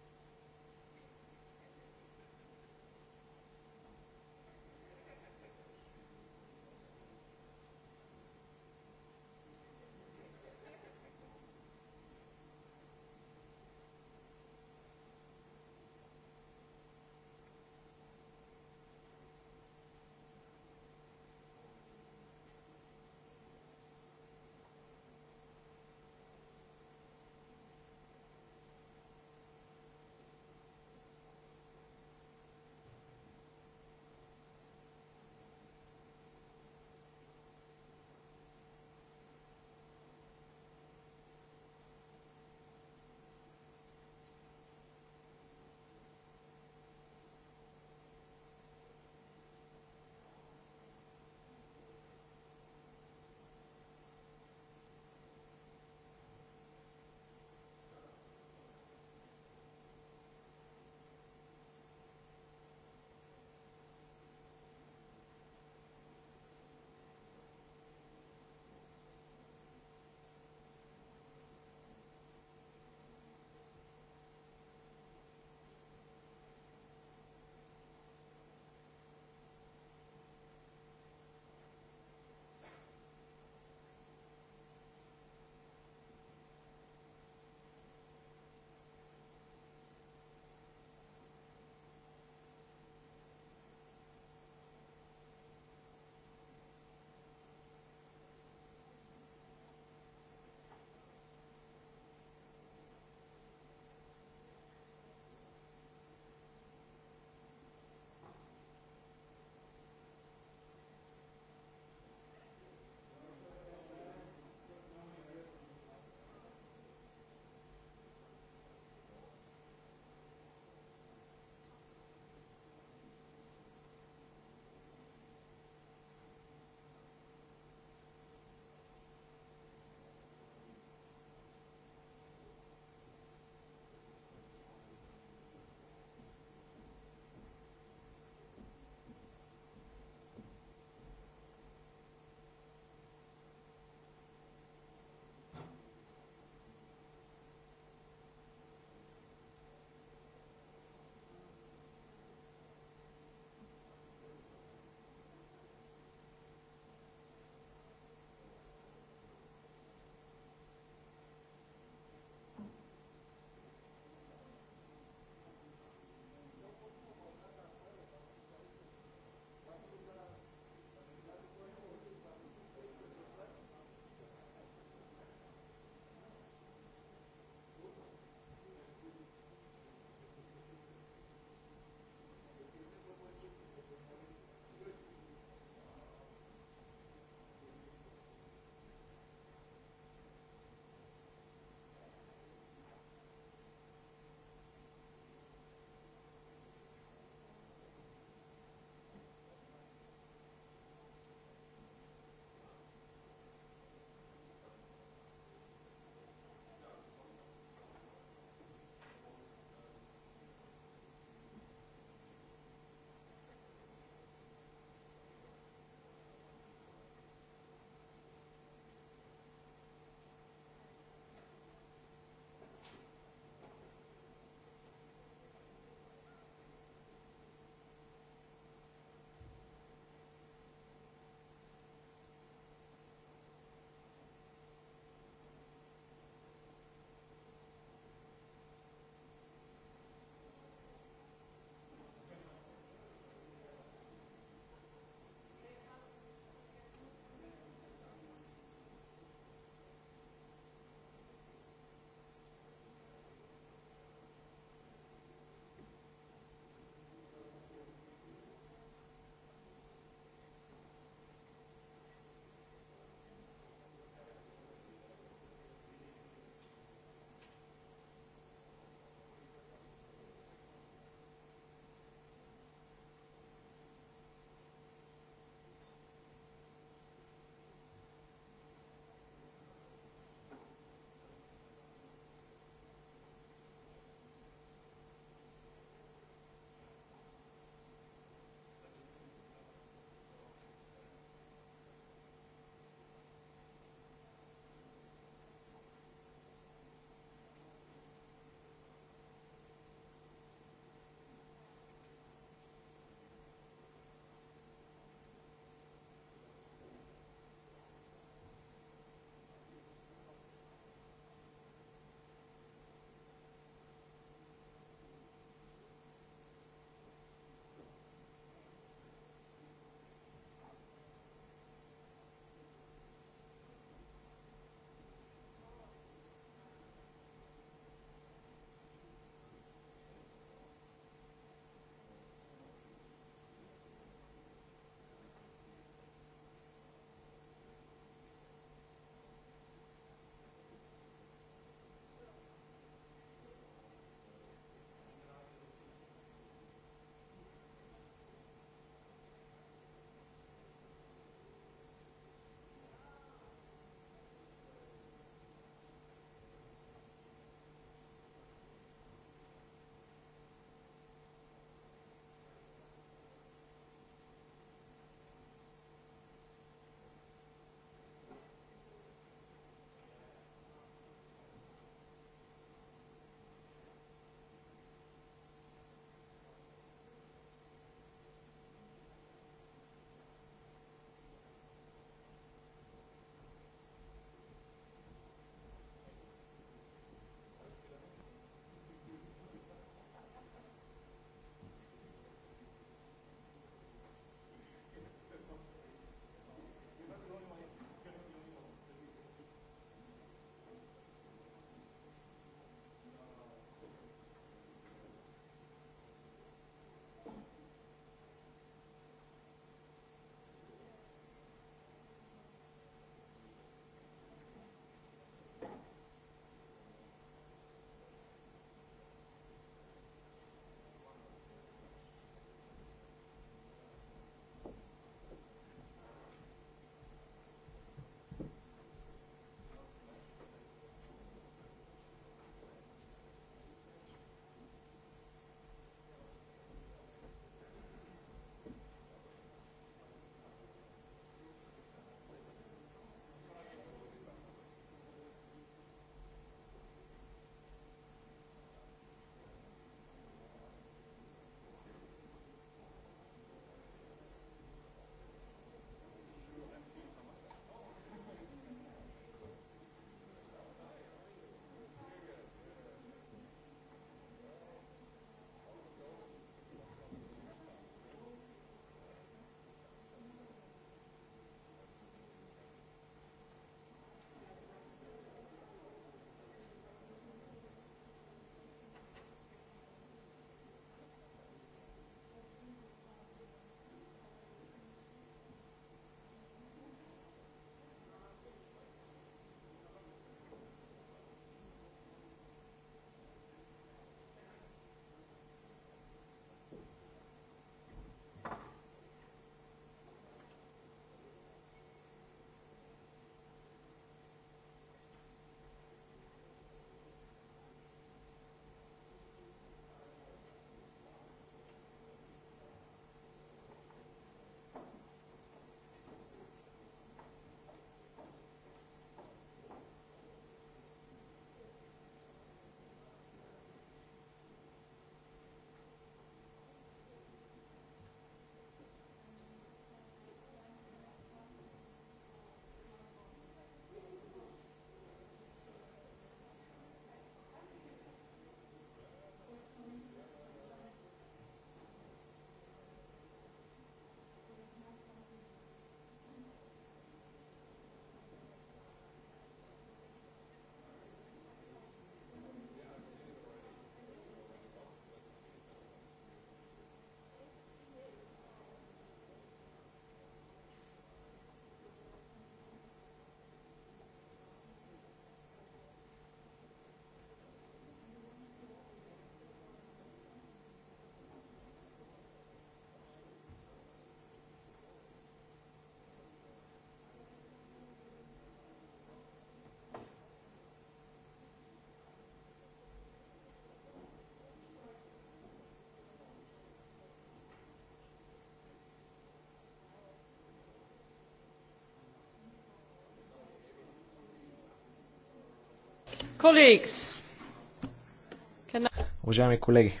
Уважаеми колеги,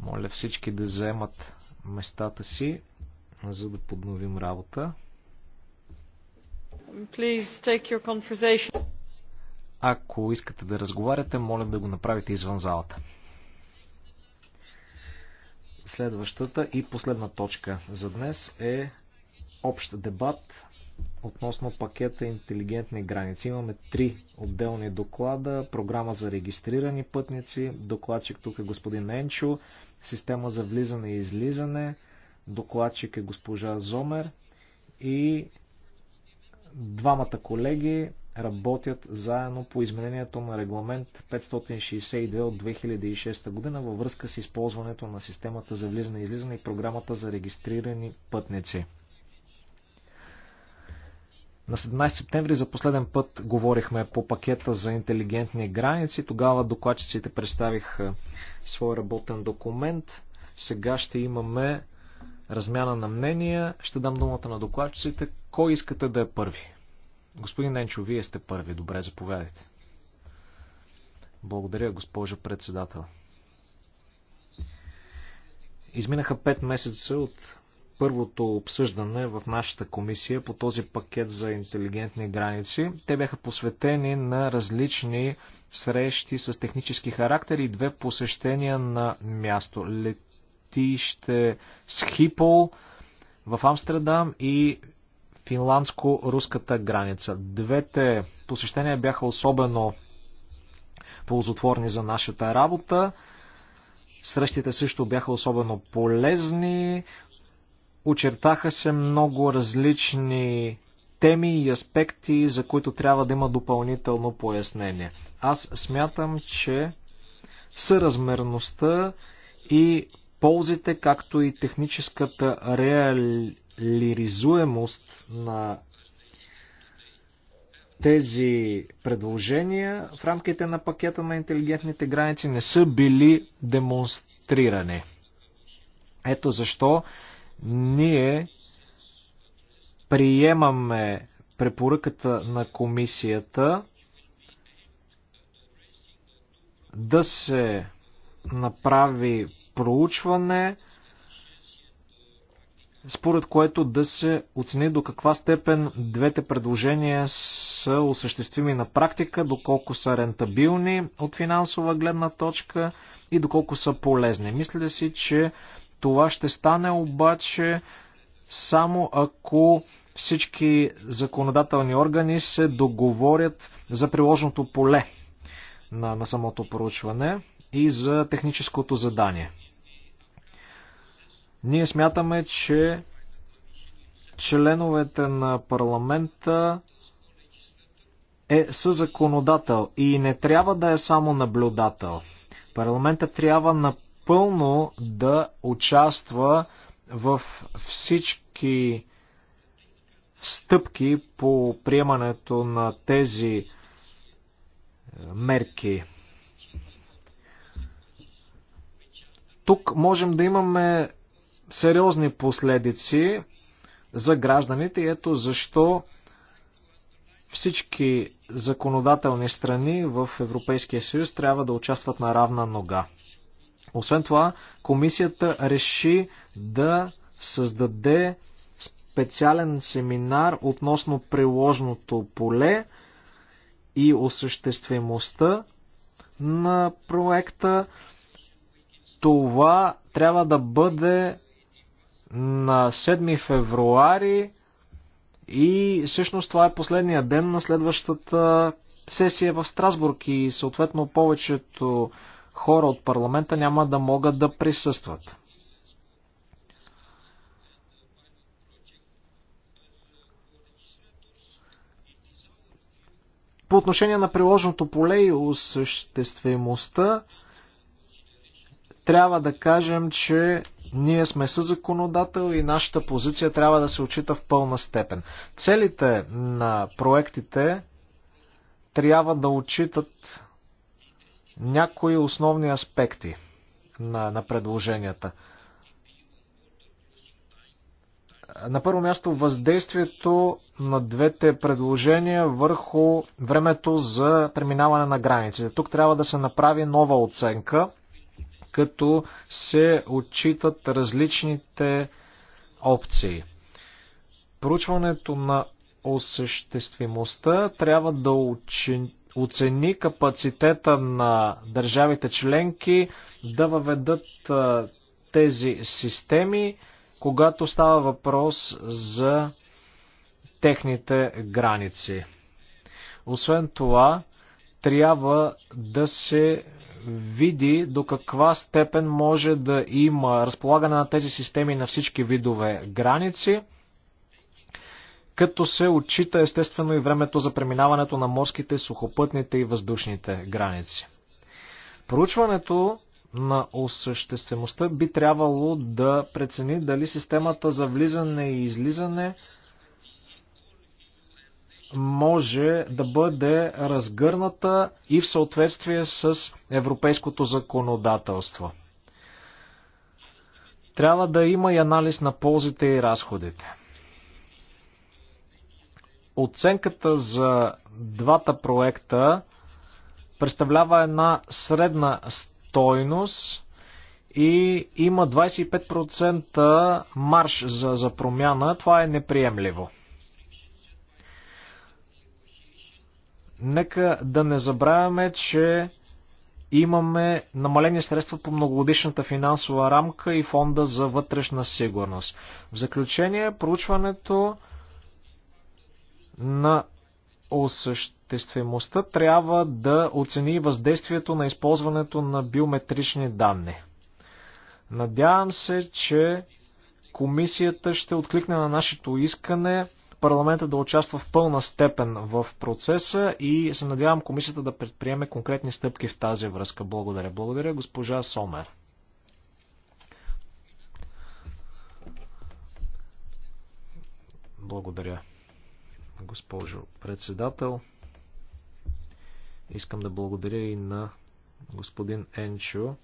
моля всички да вземат местата си, за да подновим работа. Ако искате да разговаряте, моля да го направите извън залата. Следващата и последна точка за днес е общ дебат относно пакета интелигентни граници. Имаме три отделни доклада. Програма за регистрирани пътници. Докладчик тук е господин Енчо. Система за влизане и излизане. Докладчик е госпожа Зомер. И двамата колеги работят заедно по изменението на регламент 562 от 2006 година във връзка с използването на системата за влизане и излизане и програмата за регистрирани пътници. На 17 септември за последен път говорихме по пакета за интелигентни граници. Тогава докладчиците представих свой работен документ. Сега ще имаме размяна на мнения. Ще дам думата на докладчиците. Кой искате да е първи? Господин Ненчо, вие сте първи. Добре, заповядайте. Благодаря, госпожо председател. Изминаха 5 месеца от първото обсъждане в нашата комисия по този пакет за интелигентни граници. Те бяха посветени на различни срещи с технически характер и две посещения на място. Летище Схипол в Амстердам и финландско-руската граница. Двете посещения бяха особено ползотворни за нашата работа. Срещите също бяха особено полезни. Очертаха се много различни теми и аспекти, за които трябва да има допълнително пояснение. Аз смятам, че съразмерността и ползите, както и техническата реализуемост на тези предложения в рамките на пакета на интелигентните граници не са били демонстрирани. Ето защо ние приемаме препоръката на комисията да се направи проучване, според което да се оцени до каква степен двете предложения са осъществими на практика, доколко са рентабилни от финансова гледна точка и доколко са полезни. Мисля си, че това ще стане обаче само ако всички законодателни органи се договорят за приложното поле на, на самото проучване и за техническото задание. Ние смятаме, че членовете на парламента е съзаконодател и не трябва да е само наблюдател. Парламента трябва на пълно да участва в всички стъпки по приемането на тези е, мерки. Тук можем да имаме сериозни последици за гражданите и ето защо всички законодателни страни в Европейския съюз трябва да участват на равна нога. Освен това, комисията реши да създаде специален семинар относно приложното поле и осъществимостта на проекта. Това трябва да бъде на 7 февруари и всъщност това е последния ден на следващата сесия в Страсбург и съответно повечето хора от парламента няма да могат да присъстват. По отношение на приложното поле и осъществимостта, трябва да кажем, че ние сме със законодател и нашата позиция трябва да се очита в пълна степен. Целите на проектите трябва да очитат някои основни аспекти на, на предложенията. На първо място въздействието на двете предложения върху времето за преминаване на границите. Тук трябва да се направи нова оценка, като се отчитат различните опции. Проучването на осъществимостта трябва да, учи, оцени капацитета на държавите членки да въведат тези системи, когато става въпрос за техните граници. Освен това, трябва да се види до каква степен може да има разполагане на тези системи на всички видове граници – като се отчита естествено и времето за преминаването на морските, сухопътните и въздушните граници. Проучването на осъществеността би трябвало да прецени дали системата за влизане и излизане може да бъде разгърната и в съответствие с европейското законодателство. Трябва да има и анализ на ползите и разходите. Оценката за двата проекта представлява една средна стойност и има 25% марш за, за промяна. Това е неприемливо. Нека да не забравяме, че имаме намалени средства по многогодишната финансова рамка и фонда за вътрешна сигурност. В заключение, проучването на осъществимостта трябва да оцени въздействието на използването на биометрични данни. Надявам се, че комисията ще откликне на нашето искане парламента да участва в пълна степен в процеса и се надявам комисията да предприеме конкретни стъпки в тази връзка. Благодаря. Благодаря, госпожа Сомер. Благодаря госпожо председател. Искам да благодаря и на господин Енчо,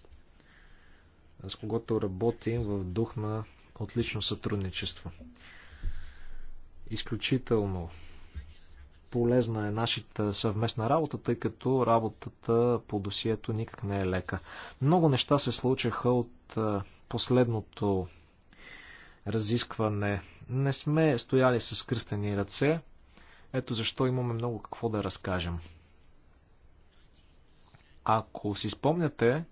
с когото работим в дух на отлично сътрудничество. Изключително полезна е нашата съвместна работа, тъй като работата по досието никак не е лека. Много неща се случиха от последното разискване. Не сме стояли с кръстени ръце. Ето защо имаме много какво да разкажем. Ако си спомняте,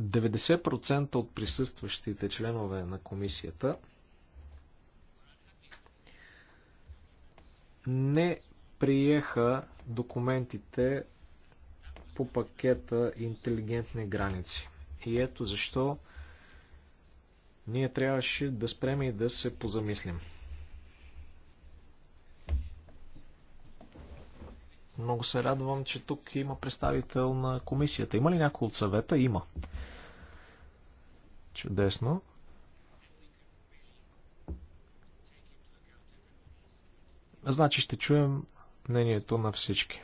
90% от присъстващите членове на комисията не приеха документите по пакета интелигентни граници. И ето защо ние трябваше да спреме и да се позамислим. Много се радвам, че тук има представител на комисията. Има ли някой от съвета? Има. Чудесно. Значи ще чуем мнението на всички.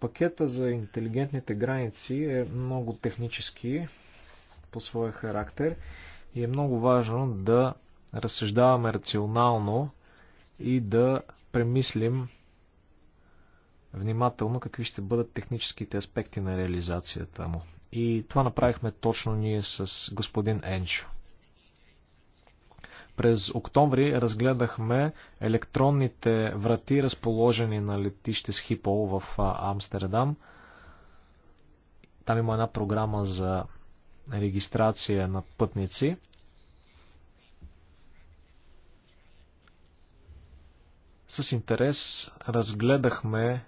Пакета за интелигентните граници е много технически по своя характер и е много важно да разсъждаваме рационално и да премислим внимателно какви ще бъдат техническите аспекти на реализацията му. И това направихме точно ние с господин Енчо. През октомври разгледахме електронните врати, разположени на летище с Хипол в Амстердам. Там има една програма за регистрация на пътници. С интерес разгледахме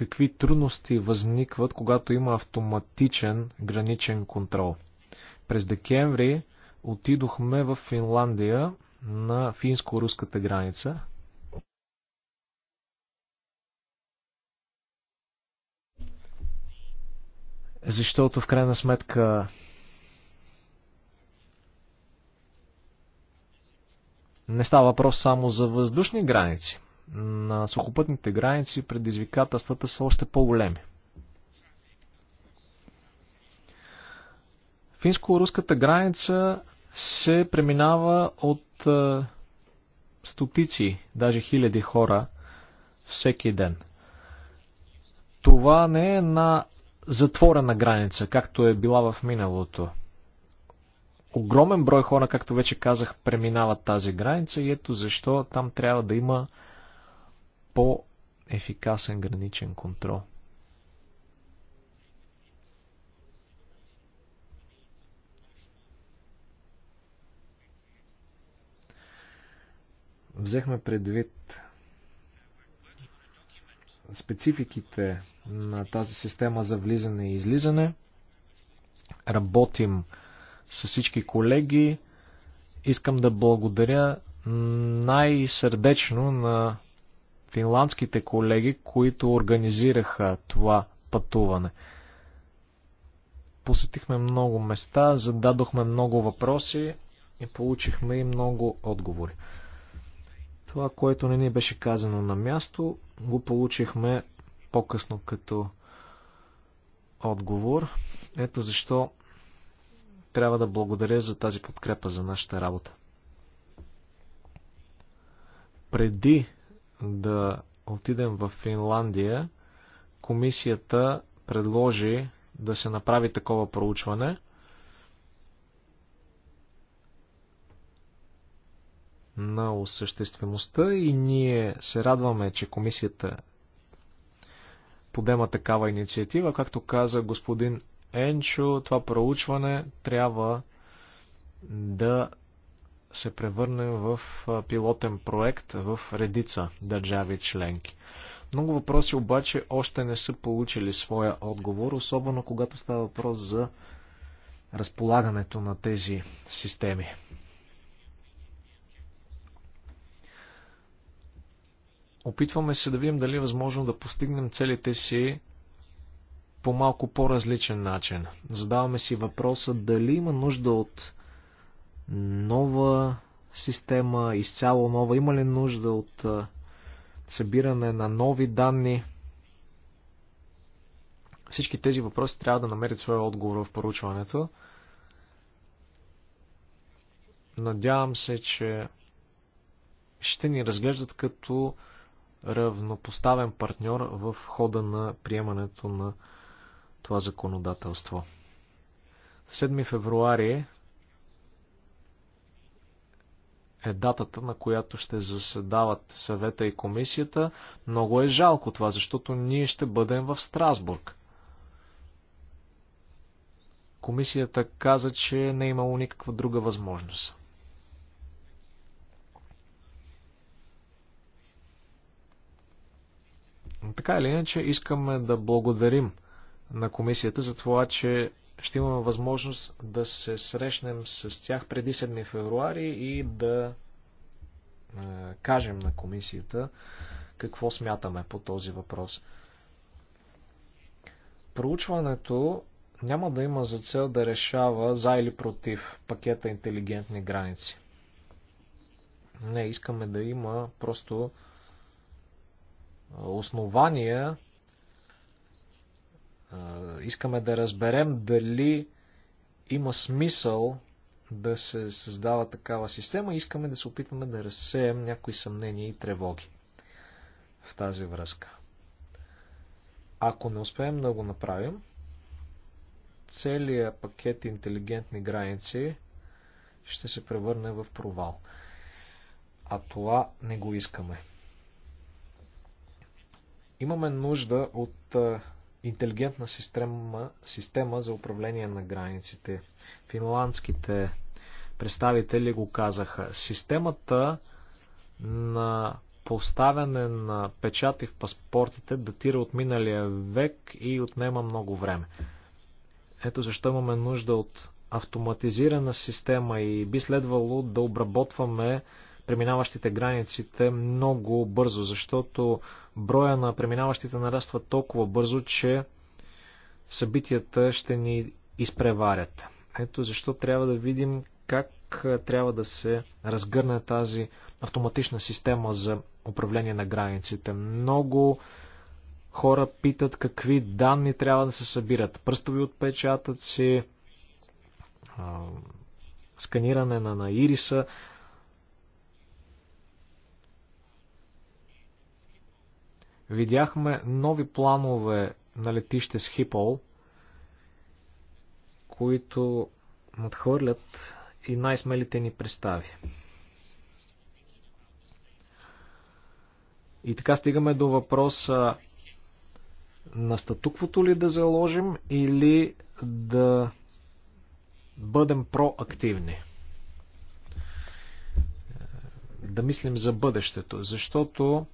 какви трудности възникват, когато има автоматичен граничен контрол. През декември отидохме в Финландия на финско-руската граница. Защото в крайна сметка не става въпрос само за въздушни граници на сухопътните граници предизвикателствата са още по-големи. Финско-руската граница се преминава от е, стотици, даже хиляди хора всеки ден. Това не е на затворена граница, както е била в миналото. Огромен брой хора, както вече казах, преминават тази граница и ето защо там трябва да има по-ефикасен граничен контрол. Взехме предвид спецификите на тази система за влизане и излизане. Работим с всички колеги. Искам да благодаря най-сърдечно на финландските колеги, които организираха това пътуване. Посетихме много места, зададохме много въпроси и получихме и много отговори. Това, което не ни беше казано на място, го получихме по-късно като отговор. Ето защо трябва да благодаря за тази подкрепа за нашата работа. Преди да отидем в Финландия, комисията предложи да се направи такова проучване. на осъществимостта и ние се радваме, че комисията подема такава инициатива. Както каза господин Енчо, това проучване трябва да се превърне в пилотен проект в редица държави членки. Много въпроси обаче още не са получили своя отговор, особено когато става въпрос за разполагането на тези системи. Опитваме се да видим дали е възможно да постигнем целите си по малко по-различен начин. Задаваме си въпроса дали има нужда от нова система, изцяло нова? Има ли нужда от събиране на нови данни? Всички тези въпроси трябва да намерят своя отговор в поручването. Надявам се, че ще ни разглеждат като равнопоставен партньор в хода на приемането на това законодателство. 7 февруари е датата, на която ще заседават съвета и комисията. Много е жалко това, защото ние ще бъдем в Страсбург. Комисията каза, че не е имало никаква друга възможност. Така или иначе, искаме да благодарим на комисията за това, че ще имаме възможност да се срещнем с тях преди 7 февруари и да е, кажем на комисията какво смятаме по този въпрос. Проучването няма да има за цел да решава за или против пакета интелигентни граници. Не, искаме да има просто основания Искаме да разберем дали има смисъл да се създава такава система. Искаме да се опитваме да разсеем някои съмнения и тревоги в тази връзка. Ако не успеем да го направим, целият пакет интелигентни граници ще се превърне в провал. А това не го искаме. Имаме нужда от интелигентна система, система за управление на границите. Финландските представители го казаха. Системата на поставяне на печати в паспортите датира от миналия век и отнема много време. Ето защо имаме нужда от автоматизирана система и би следвало да обработваме преминаващите границите много бързо, защото броя на преминаващите нараства толкова бързо, че събитията ще ни изпреварят. Ето защо трябва да видим как трябва да се разгърне тази автоматична система за управление на границите. Много хора питат какви данни трябва да се събират. Пръстови отпечатъци, сканиране на, на ириса. Видяхме нови планове на летище с Хипол, които надхвърлят и най-смелите ни представи. И така стигаме до въпроса на статуквото ли да заложим или да бъдем проактивни. Да мислим за бъдещето, защото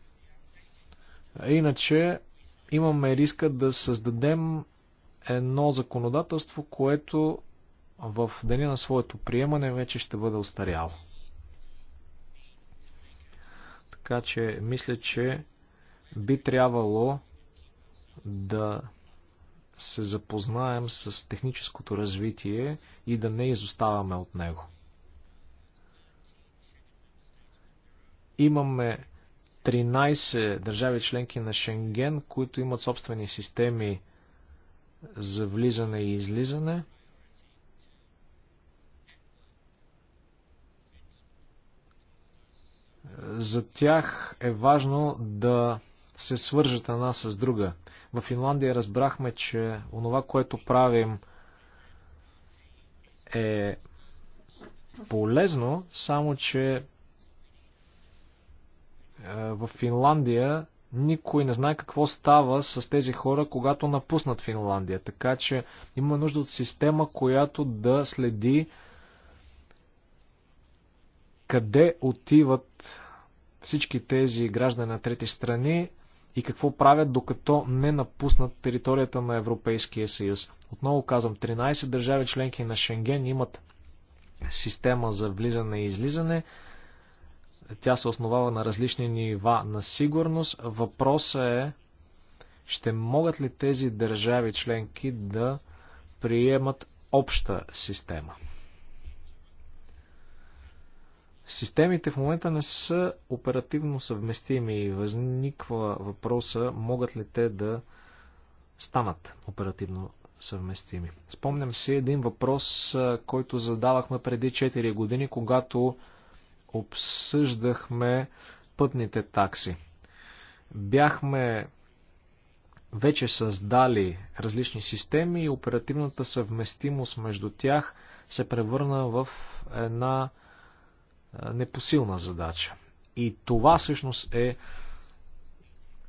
Иначе имаме риска да създадем едно законодателство, което в деня на своето приемане вече ще бъде остаряло. Така че мисля, че би трябвало да се запознаем с техническото развитие и да не изоставаме от него. Имаме 13 държави членки на Шенген, които имат собствени системи за влизане и излизане. За тях е важно да се свържат една с друга. В Финландия разбрахме, че онова, което правим е полезно, само че е, в Финландия никой не знае какво става с тези хора, когато напуснат Финландия. Така че има нужда от система, която да следи къде отиват всички тези граждани на трети страни и какво правят, докато не напуснат територията на Европейския съюз. Отново казвам, 13 държави членки на Шенген имат система за влизане и излизане. Тя се основава на различни нива на сигурност. Въпросът е, ще могат ли тези държави членки да приемат обща система? Системите в момента не са оперативно съвместими и възниква въпроса, могат ли те да станат оперативно съвместими. Спомням си един въпрос, който задавахме преди 4 години, когато обсъждахме пътните такси. Бяхме вече създали различни системи и оперативната съвместимост между тях се превърна в една непосилна задача. И това всъщност е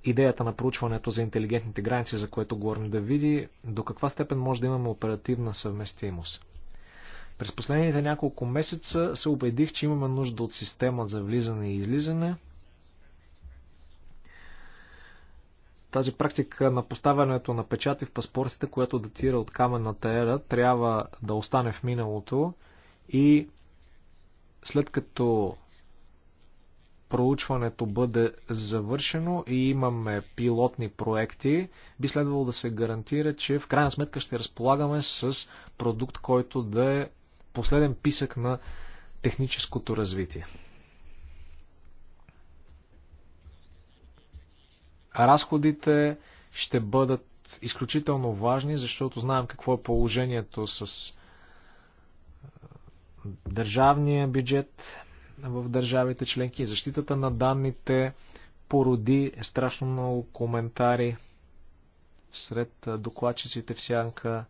идеята на проучването за интелигентните граници, за което говорим да види до каква степен може да имаме оперативна съвместимост. През последните няколко месеца се убедих, че имаме нужда от система за влизане и излизане. Тази практика на поставянето на печати в паспортите, която датира от каменната ера, трябва да остане в миналото и след като проучването бъде завършено и имаме пилотни проекти, би следвало да се гарантира, че в крайна сметка ще разполагаме с продукт, който да е последен писък на техническото развитие. Разходите ще бъдат изключително важни, защото знаем какво е положението с държавния бюджет в държавите членки, защитата на данните породи страшно много коментари сред докладчиците в сянка.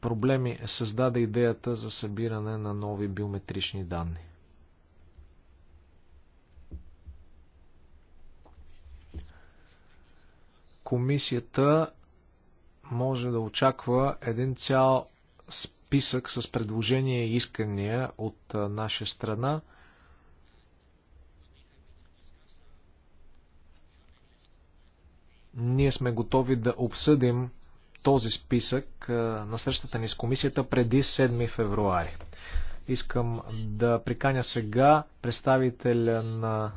проблеми създаде идеята за събиране на нови биометрични данни. Комисията може да очаква един цял списък с предложения и искания от наша страна. Ние сме готови да обсъдим този списък на срещата ни с комисията преди 7 февруари. Искам да приканя сега представителя на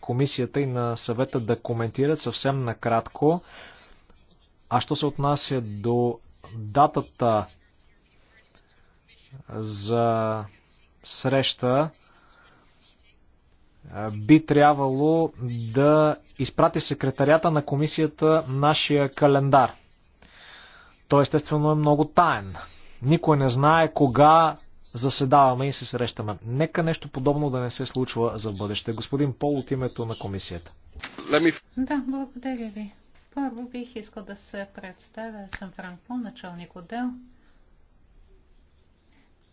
комисията и на съвета да коментират съвсем накратко. А що се отнася до датата за среща, би трябвало да изпрати секретарята на комисията нашия календар той естествено е много таен. Никой не знае кога заседаваме и се срещаме. Нека нещо подобно да не се случва за бъдеще. Господин Пол от името на комисията. Да, благодаря ви. Първо бих искал да се представя. Съм Франк Пол, началник отдел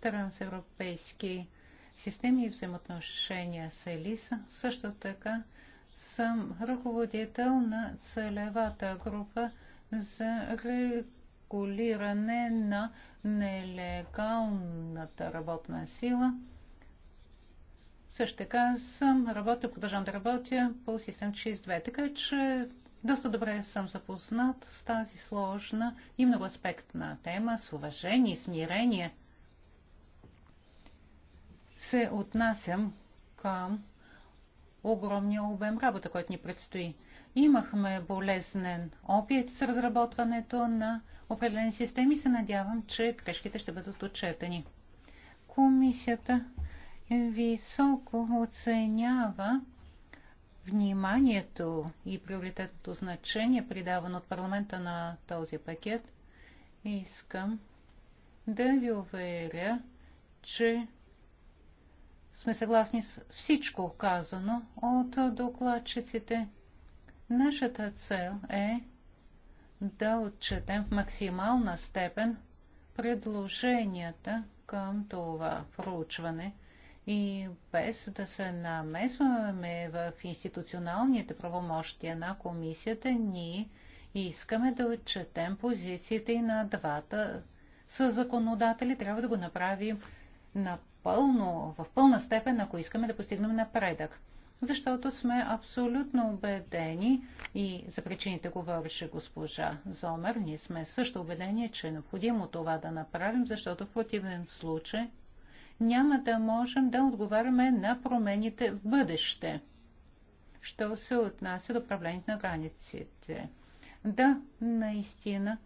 трансевропейски системи и взаимоотношения с ЕЛИСА. Също така съм ръководител на целевата група за регулиране на нелегалната работна сила. Също така съм работил, продължавам да работя по систем 6.2, така че доста добре съм запознат с тази сложна и много аспектна тема с уважение и смирение. Се отнасям към огромния обем работа, който ни предстои имахме болезнен опит с разработването на определени системи и се надявам, че грешките ще бъдат отчетени. Комисията високо оценява вниманието и приоритетното значение, придавано от парламента на този пакет. Искам да ви уверя, че сме съгласни с всичко казано от докладчиците Нашата цел е да отчетем в максимална степен предложенията към това проучване и без да се намесваме в институционалните правомощия на комисията, ние искаме да отчетем позициите и на двата с законодатели. Трябва да го направим напълно, в пълна степен, ако искаме да постигнем напредък защото сме абсолютно убедени и за причините говореше госпожа Зомер, ние сме също убедени, че е необходимо това да направим, защото в противен случай няма да можем да отговаряме на промените в бъдеще, що се отнася до управлението на границите. Да, наистина,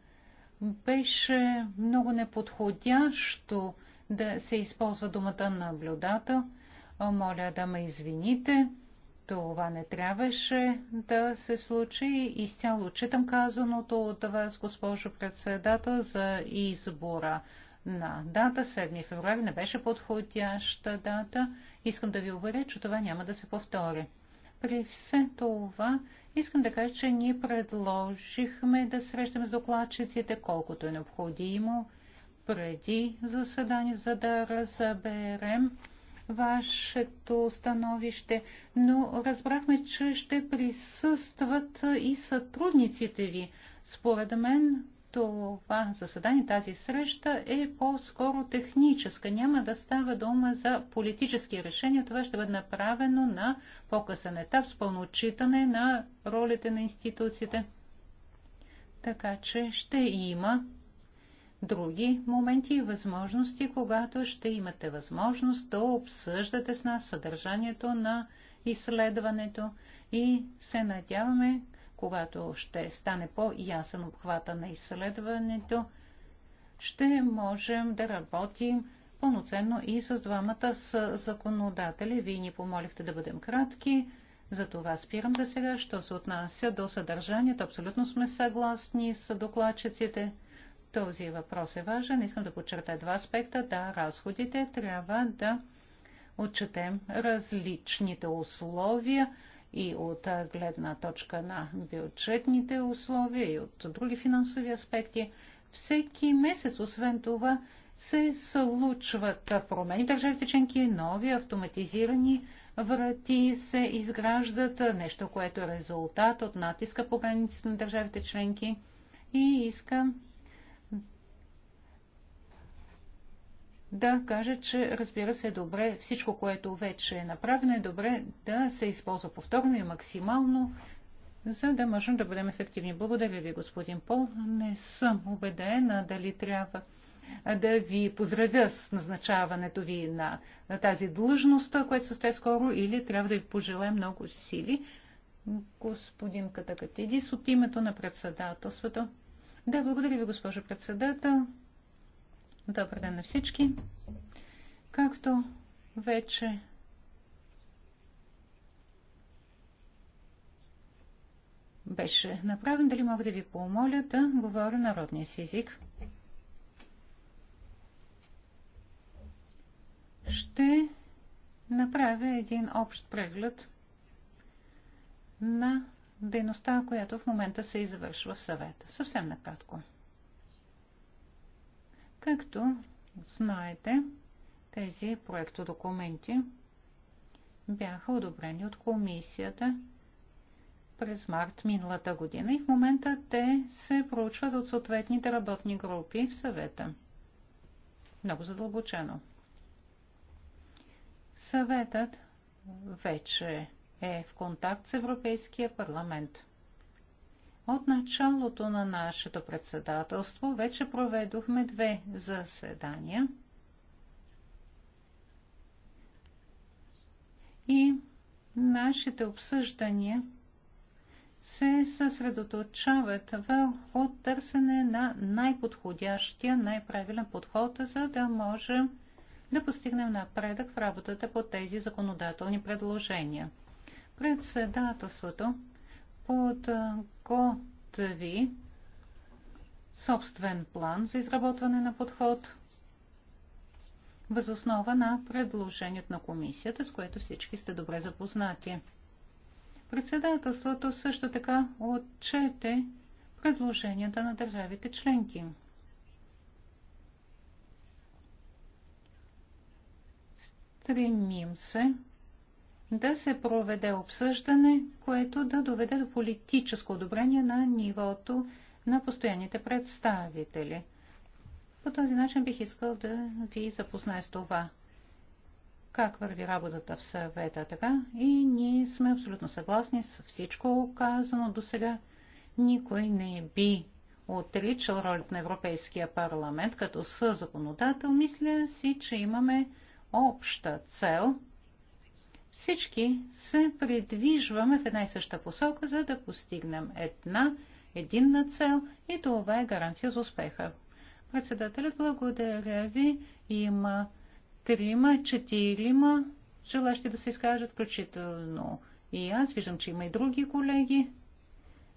беше много неподходящо да се използва думата наблюдател. Моля да ме извините. Това не трябваше да се случи. Изцяло отчитам казаното от вас, госпожо председател, за избора на дата. 7 февруари не беше подходяща дата. Искам да ви уверя, че това няма да се повтори. При все това, искам да кажа, че ние предложихме да срещаме с докладчиците колкото е необходимо преди заседание, за да разберем вашето становище, но разбрахме, че ще присъстват и сътрудниците ви. Според мен това заседание, тази среща е по-скоро техническа. Няма да става дума за политически решения. Това ще бъде направено на по-късен етап с пълно отчитане на ролите на институциите. Така че ще има други моменти и възможности, когато ще имате възможност да обсъждате с нас съдържанието на изследването и се надяваме, когато ще стане по-ясен обхвата на изследването, ще можем да работим пълноценно и с двамата с законодатели. Вие ни помолихте да бъдем кратки, затова спирам за сега, що се отнася до съдържанието. Абсолютно сме съгласни с докладчиците. Този въпрос е важен. Искам да подчертая два аспекта. Да, разходите трябва да отчетем различните условия и от гледна точка на бюджетните условия и от други финансови аспекти. Всеки месец, освен това, се случват промени в държавите членки, нови автоматизирани врати се изграждат, нещо, което е резултат от натиска по границите на държавите членки. И искам да кажа, че разбира се добре всичко, което вече е направено, е добре да се използва повторно и максимално, за да можем да бъдем ефективни. Благодаря ви, господин Пол. Не съм убедена дали трябва да ви поздравя с назначаването ви на, на тази длъжност, се стои скоро, или трябва да ви пожелая много сили. Господин Катакатидис от името на председателството. Да, благодаря ви, госпожо председател. Добър ден на всички. Както вече беше направен, дали мога да ви помоля да говоря народния си език? Ще направя един общ преглед на дейността, която в момента се извършва в съвета. Съвсем накратко. Както знаете, тези проектодокументи бяха одобрени от комисията през март миналата година и в момента те се проучват от съответните работни групи в съвета. Много задълбочено. Съветът вече е в контакт с Европейския парламент. От началото на нашето председателство вече проведохме две заседания. И нашите обсъждания се съсредоточават в търсене на най-подходящия, най-правилен подход, за да можем да постигнем напредък в работата по тези законодателни предложения. Председателството от подготви собствен план за изработване на подход възоснова на предложението на комисията, с което всички сте добре запознати. Председателството също така отчете предложенията на държавите членки. Стремим се да се проведе обсъждане, което да доведе до политическо одобрение на нивото на постоянните представители. По този начин бих искал да ви запозная с това, как върви работата в съвета така и ние сме абсолютно съгласни с всичко казано до сега. Никой не би отричал ролята на Европейския парламент като съзаконодател. Мисля си, че имаме обща цел – всички се придвижваме в една и съща посока, за да постигнем една единна цел и това е гаранция за успеха. Председателят, благодаря ви. Има трима, четирима желащи да се изкажат, включително и аз. Виждам, че има и други колеги.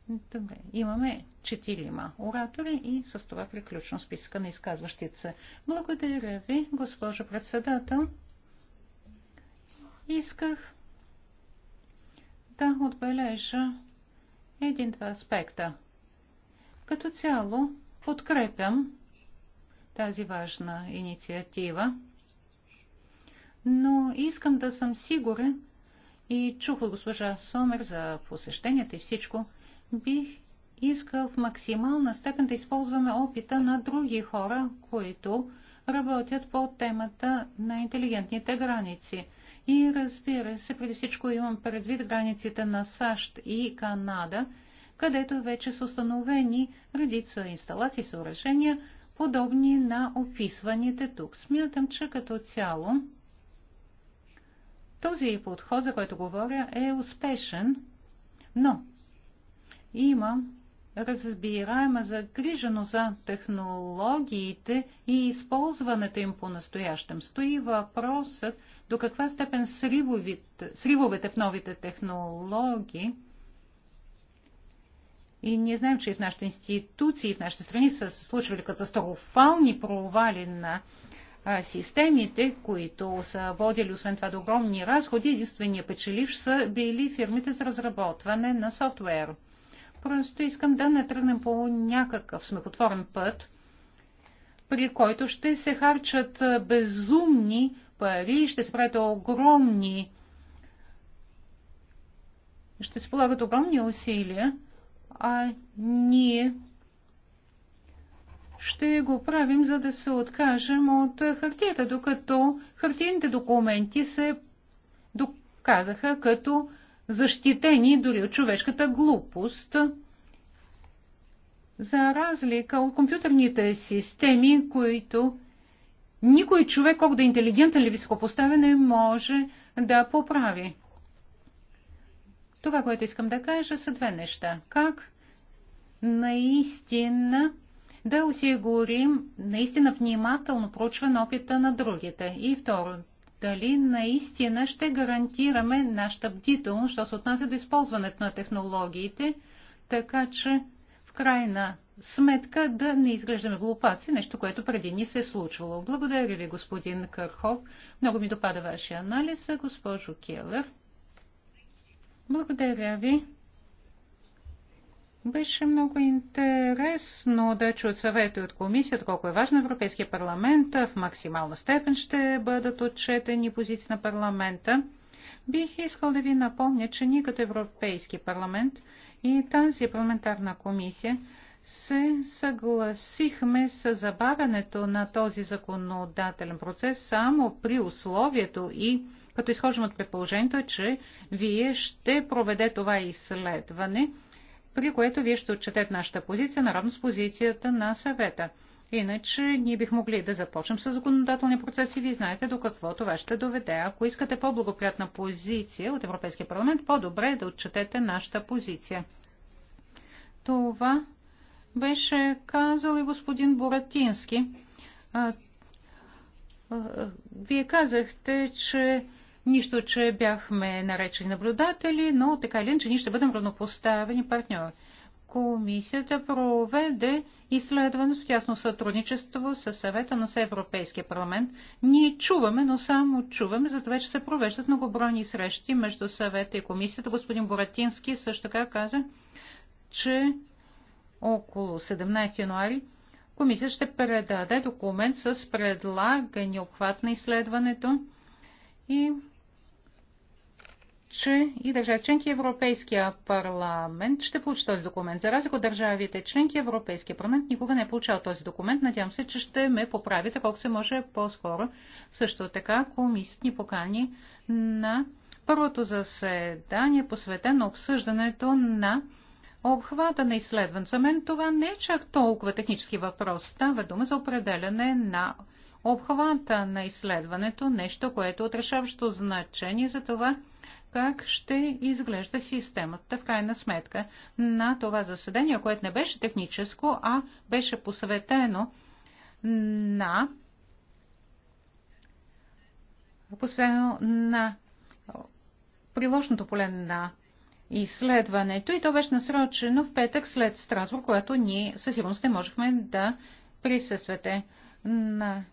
Добре, имаме четирима оратори и с това приключвам списка на изказващите се. Благодаря ви, госпожо председател. Исках да отбележа един-два аспекта. Като цяло подкрепям тази важна инициатива, но искам да съм сигурен и чух от госпожа Сомер за посещенията и всичко, бих искал в максимална степен да използваме опита на други хора, които работят по темата на интелигентните граници – и разбира се, преди всичко имам предвид границите на САЩ и Канада, където вече са установени редица инсталации и съоръжения, подобни на описваните тук. Смятам, че като цяло този подход, за който говоря, е успешен, но има разбираема загриженост за технологиите и използването им по-настоящем. Стои въпросът до каква степен сривовите, сривовете в новите технологии и ние знаем, че и в нашите институции, и в нашите страни са се случвали катастрофални провали на системите, които са водили освен това до огромни разходи, единствения печеливш са били фирмите за разработване на софтуер. Просто искам да не тръгнем по някакъв смехотворен път, при който ще се харчат безумни пари, ще се правят огромни, ще се полагат огромни усилия, а ние ще го правим, за да се откажем от хартията, докато хартийните документи се доказаха като защитени дори от човешката глупост, за разлика от компютърните системи, които никой човек, колко да е интелигентен или високопоставен, не може да поправи. Това, което искам да кажа, са две неща. Как наистина да осигурим наистина внимателно проучване опита на другите. И второ, дали наистина ще гарантираме нашата бдителност, що се отнася до използването на технологиите, така че в крайна сметка да не изглеждаме глупаци, нещо, което преди ни се е случвало. Благодаря ви, господин Кърхов. Много ми допада вашия анализ, госпожо Келър. Благодаря ви. Беше много интересно да чуят съвети от комисията, колко е важно Европейския парламент. В максимална степен ще бъдат отчетени позиции на парламента. Бих искал да ви напомня, че ние като Европейски парламент и тази парламентарна комисия се съгласихме с забавянето на този законодателен процес само при условието и като изхождам от предположението, че вие ще проведе това изследване – при което вие ще отчетете нашата позиция, наравно с позицията на съвета. Иначе ние бих могли да започнем с законодателния процес и вие знаете до какво това ще доведе. Ако искате по-благоприятна позиция от Европейския парламент, по-добре е да отчетете нашата позиция. Това беше казал и господин Боратински. Вие казахте, че Нищо, че бяхме наречени наблюдатели, но така или иначе ние ще бъдем равнопоставени партньори. Комисията проведе изследване в тясно сътрудничество с съвета на Европейския парламент. Ние чуваме, но само чуваме, затова, че се провеждат многобройни срещи между съвета и комисията. Господин Боратински също така каза, че около 17 януари комисията ще предаде документ с предлагане обхват на изследването и че и държави членки Европейския парламент ще получи този документ. За разлика от държавите членки Европейския парламент никога не е получал този документ. Надявам се, че ще ме поправите колко се може по-скоро. Също така комисът ни покани на първото заседание, посветено на обсъждането на обхвата на изследването. За мен това не е чак толкова технически въпрос. Става дума за определяне на обхвата на изследването, нещо, което е отрешаващо значение за това, как ще изглежда системата в крайна сметка на това заседание, което не беше техническо, а беше посветено на посветено на приложното поле на изследването и то беше насрочено в петък след Страсбург, което ние със сигурност не можехме да присъствате. На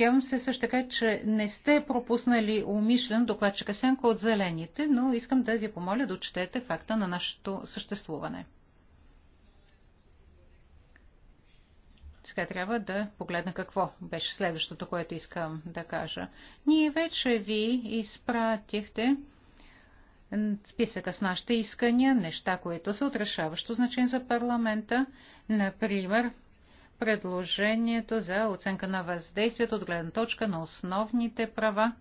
Надявам се също така, че не сте пропуснали умишлен докладчика Сенко от зелените, но искам да ви помоля да отчетете факта на нашето съществуване. Сега трябва да погледна какво беше следващото, което искам да кажа. Ние вече ви изпратихте списъка с нашите искания, неща, които са отрешаващо значение за парламента. Например, предложението за оценка на въздействието от гледна точка на основните права.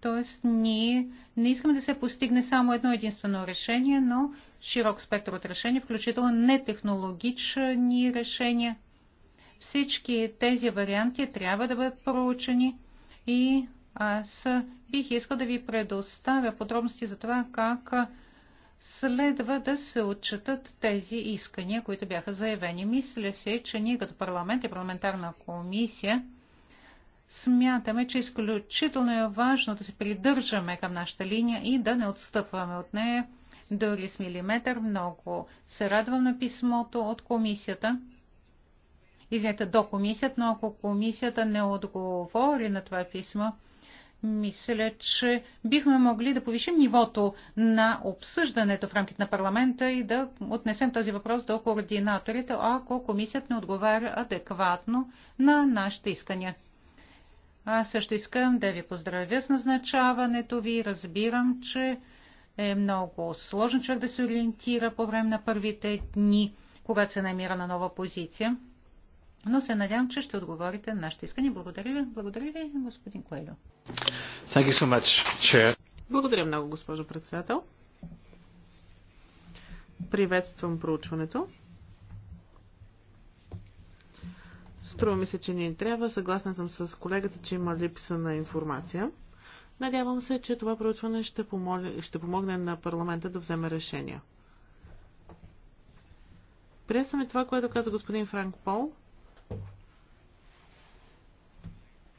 Тоест, ние не искаме да се постигне само едно единствено решение, но широк спектър от решения, включително нетехнологични решения. Всички тези варианти трябва да бъдат проучени и аз бих искал да ви предоставя подробности за това как следва да се отчитат тези искания, които бяха заявени. Мисля се, че ние като парламент и парламентарна комисия смятаме, че изключително е важно да се придържаме към нашата линия и да не отстъпваме от нея дори с милиметър. Много се радвам на писмото от комисията. Извинете, до комисията, но ако комисията не отговори на това писмо, мисля, че бихме могли да повишим нивото на обсъждането в рамките на парламента и да отнесем този въпрос до координаторите, ако комисията не отговаря адекватно на нашите искания. Аз също искам да ви поздравя с назначаването ви. Разбирам, че е много сложно човек да се ориентира по време на първите дни, когато се намира на нова позиция но се надявам, че ще отговорите на нашите искания. Благодаря ви. Благодаря ви, господин Коелю. So Благодаря много, госпожо председател. Приветствам проучването. Струва ми се, че ни трябва. Съгласна съм с колегата, че има липса на информация. Надявам се, че това проучване ще, помоли, ще помогне на парламента да вземе решения. Приесваме това, което каза господин Франк Пол.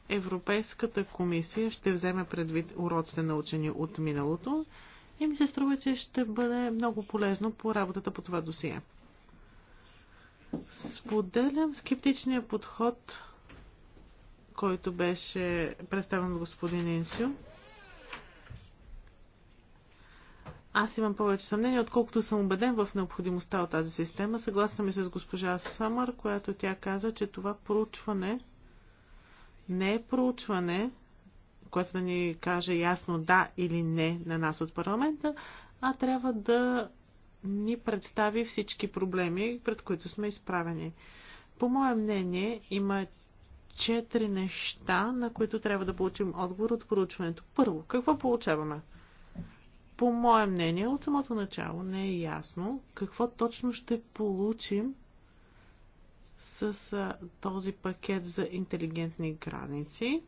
Европейската комисия ще вземе предвид уроците учени от миналото и ми се струва, че ще бъде много полезно по работата по това досие. Споделям скептичния подход, който беше представен от господин Инсю. Аз имам повече съмнение, отколкото съм убеден в необходимостта от тази система. Съгласна ми с госпожа Самър, която тя каза, че това проучване не е проучване, което да ни каже ясно да или не на нас от парламента, а трябва да ни представи всички проблеми, пред които сме изправени. По мое мнение, има четири неща, на които трябва да получим отговор от проучването. Първо, какво получаваме? По мое мнение, от самото начало не е ясно какво точно ще получим с този пакет за интелигентни граници.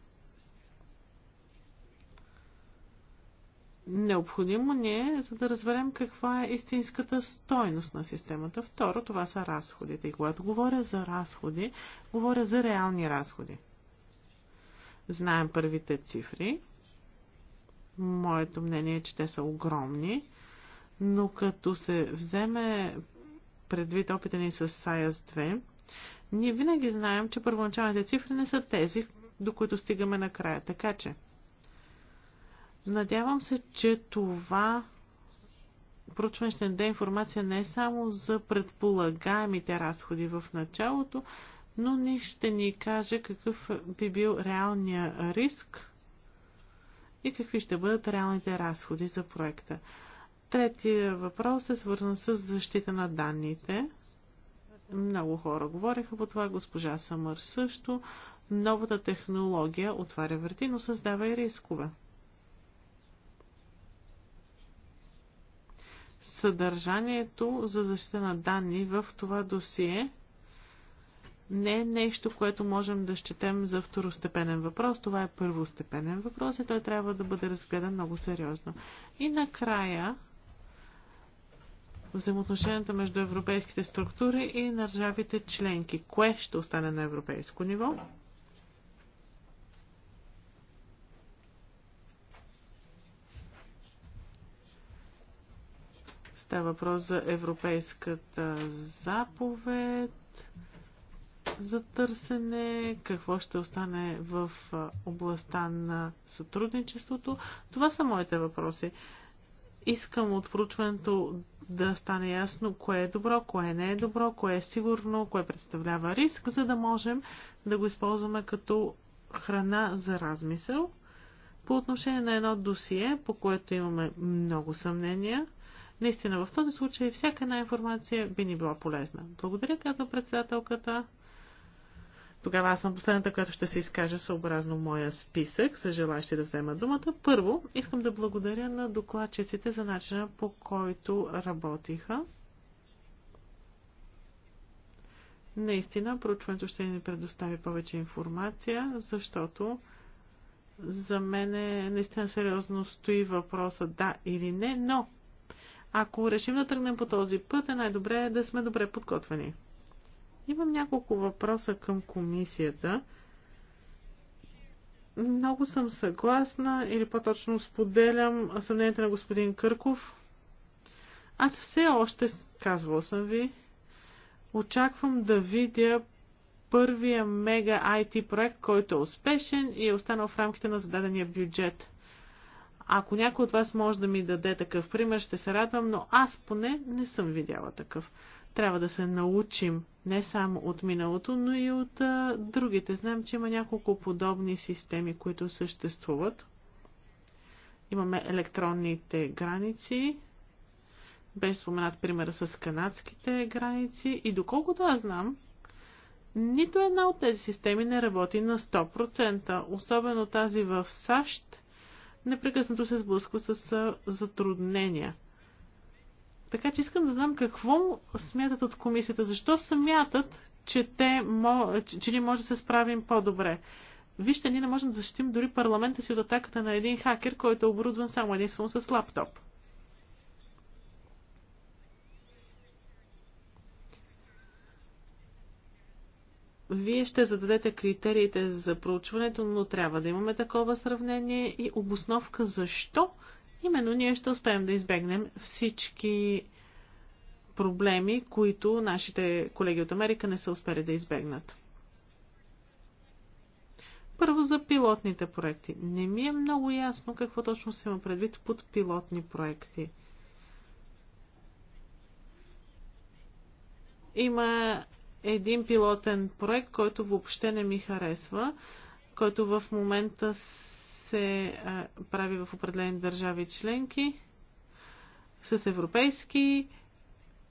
Необходимо ни е, за да разберем каква е истинската стойност на системата. Второ, това са разходите. И когато говоря за разходи, говоря за реални разходи. Знаем първите цифри. Моето мнение е, че те са огромни, но като се вземе предвид опита ни с SIAS 2, ние винаги знаем, че първоначалните цифри не са тези, до които стигаме накрая. Така че, надявам се, че това проучване ще даде информация не само за предполагаемите разходи в началото, но ни ще ни каже какъв би бил реалния риск и какви ще бъдат реалните разходи за проекта. Третия въпрос е свързан с защита на данните. Много хора говореха по това, госпожа Самър също. Новата технология отваря врати, но създава и рискове. Съдържанието за защита на данни в това досие не е нещо, което можем да счетем за второстепенен въпрос. Това е първостепенен въпрос и той трябва да бъде разгледан много сериозно. И накрая взаимоотношенията между европейските структури и държавите членки. Кое ще остане на европейско ниво? Става въпрос за европейската заповед за търсене, какво ще остане в областта на сътрудничеството. Това са моите въпроси искам от проучването да стане ясно кое е добро, кое не е добро, кое е сигурно, кое представлява риск, за да можем да го използваме като храна за размисъл. По отношение на едно досие, по което имаме много съмнения, наистина в този случай всяка една информация би ни била полезна. Благодаря, казва председателката. Тогава аз съм последната, която ще се изкажа съобразно моя списък с желащи да взема думата. Първо, искам да благодаря на докладчиците за начина по който работиха. Наистина, проучването ще ни предостави повече информация, защото за мен е наистина сериозно стои въпроса да или не, но ако решим да тръгнем по този път, е най-добре да сме добре подготвени. Имам няколко въпроса към комисията. Много съм съгласна или по-точно споделям съмнението на господин Кърков. Аз все още, казвал съм ви, очаквам да видя първия мега IT проект, който е успешен и е останал в рамките на зададения бюджет. Ако някой от вас може да ми даде такъв пример, ще се радвам, но аз поне не съм видяла такъв. Трябва да се научим не само от миналото, но и от а, другите. Знаем, че има няколко подобни системи, които съществуват. Имаме електронните граници, без споменат примера с канадските граници. И доколкото аз знам, нито една от тези системи не работи на 100%. Особено тази в САЩ непрекъснато се сблъсква с затруднения. Така че искам да знам какво смятат от комисията. Защо смятат, че, те, че, ние може да се справим по-добре? Вижте, ние не можем да защитим дори парламента си от атаката на един хакер, който е оборудван само единствено с лаптоп. Вие ще зададете критериите за проучването, но трябва да имаме такова сравнение и обосновка защо Именно ние ще успеем да избегнем всички проблеми, които нашите колеги от Америка не са успели да избегнат. Първо за пилотните проекти. Не ми е много ясно какво точно се има предвид под пилотни проекти. Има един пилотен проект, който въобще не ми харесва, който в момента се а, прави в определени държави членки с европейски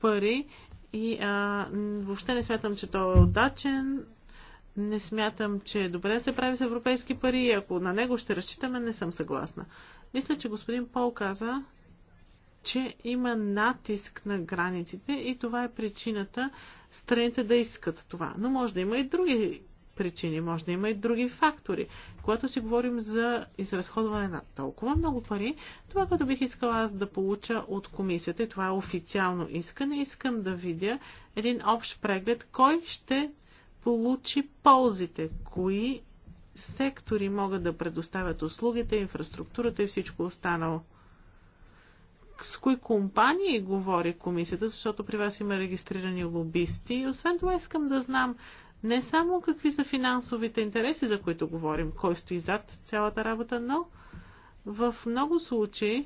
пари и а, въобще не смятам, че той е удачен. Не смятам, че е добре да се прави с европейски пари и ако на него ще разчитаме, не съм съгласна. Мисля, че господин Пол каза, че има натиск на границите и това е причината страните да искат това. Но може да има и други причини, може да има и други фактори. Когато си говорим за изразходване на толкова много пари, това, което бих искала аз да получа от комисията, и това е официално искане, искам да видя един общ преглед, кой ще получи ползите, кои сектори могат да предоставят услугите, инфраструктурата и всичко останало с кои компании говори комисията, защото при вас има регистрирани лобисти. И освен това искам да знам не само какви са финансовите интереси, за които говорим, кой стои зад цялата работа, но в много случаи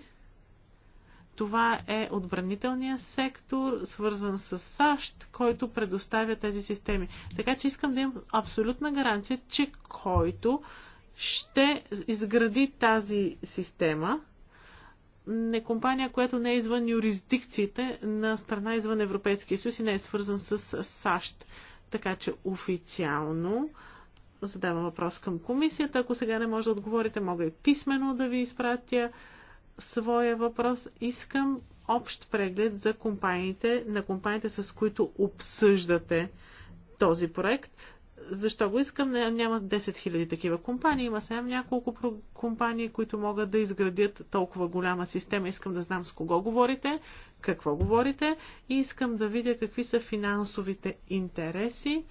това е отбранителния сектор, свързан с САЩ, който предоставя тези системи. Така че искам да имам абсолютна гаранция, че който ще изгради тази система, не компания, която не е извън юрисдикциите на страна извън Европейския съюз и не е свързан с САЩ. Така че официално задавам въпрос към комисията. Ако сега не може да отговорите, мога и писменно да ви изпратя своя въпрос. Искам общ преглед за компаниите, на компаниите, с които обсъждате този проект, защо го искам? Няма 10 000 такива компании, има само няколко компании, които могат да изградят толкова голяма система. Искам да знам с кого говорите, какво говорите и искам да видя какви са финансовите интереси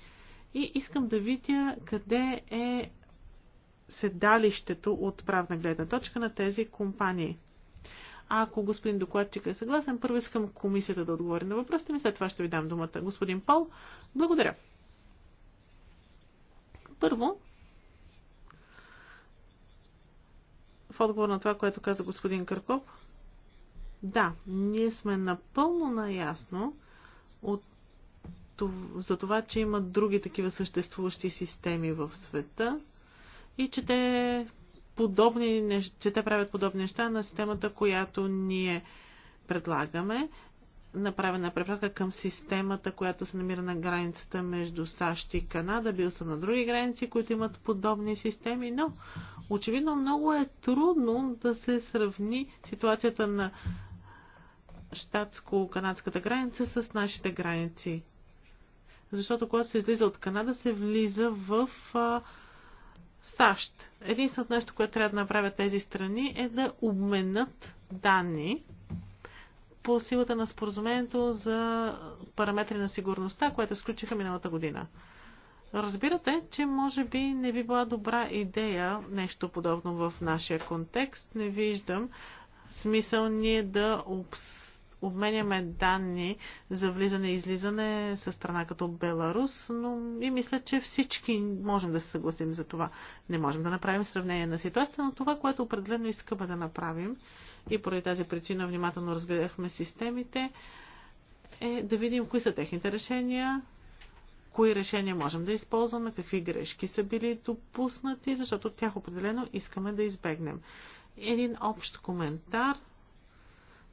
и искам да видя къде е седалището от правна гледна точка на тези компании. А ако господин докладчик е съгласен, първо искам комисията да отговори на въпросите ми, след това ще ви дам думата. Господин Пол, благодаря. Първо, в отговор на това, което каза господин Кърков, да, ние сме напълно наясно от за това, че има други такива съществуващи системи в света и че те, подобни, че те правят подобни неща на системата, която ние предлагаме направена препратка към системата, която се намира на границата между САЩ и Канада. Бил съм на други граници, които имат подобни системи, но очевидно много е трудно да се сравни ситуацията на щатско-канадската граница с нашите граници. Защото когато се излиза от Канада, се влиза в а, САЩ. Единственото нещо, което трябва да направят тези страни е да обменят данни по силата на споразумението за параметри на сигурността, което изключиха миналата година. Разбирате, че може би не би била добра идея нещо подобно в нашия контекст. Не виждам смисъл ние да обс... обменяме данни за влизане и излизане със страна като Беларус, но и мисля, че всички можем да се съгласим за това. Не можем да направим сравнение на ситуация, но това, което определено искаме да направим, и поради тази причина внимателно разгледахме системите, е да видим кои са техните решения, кои решения можем да използваме, какви грешки са били допуснати, защото тях определено искаме да избегнем. Един общ коментар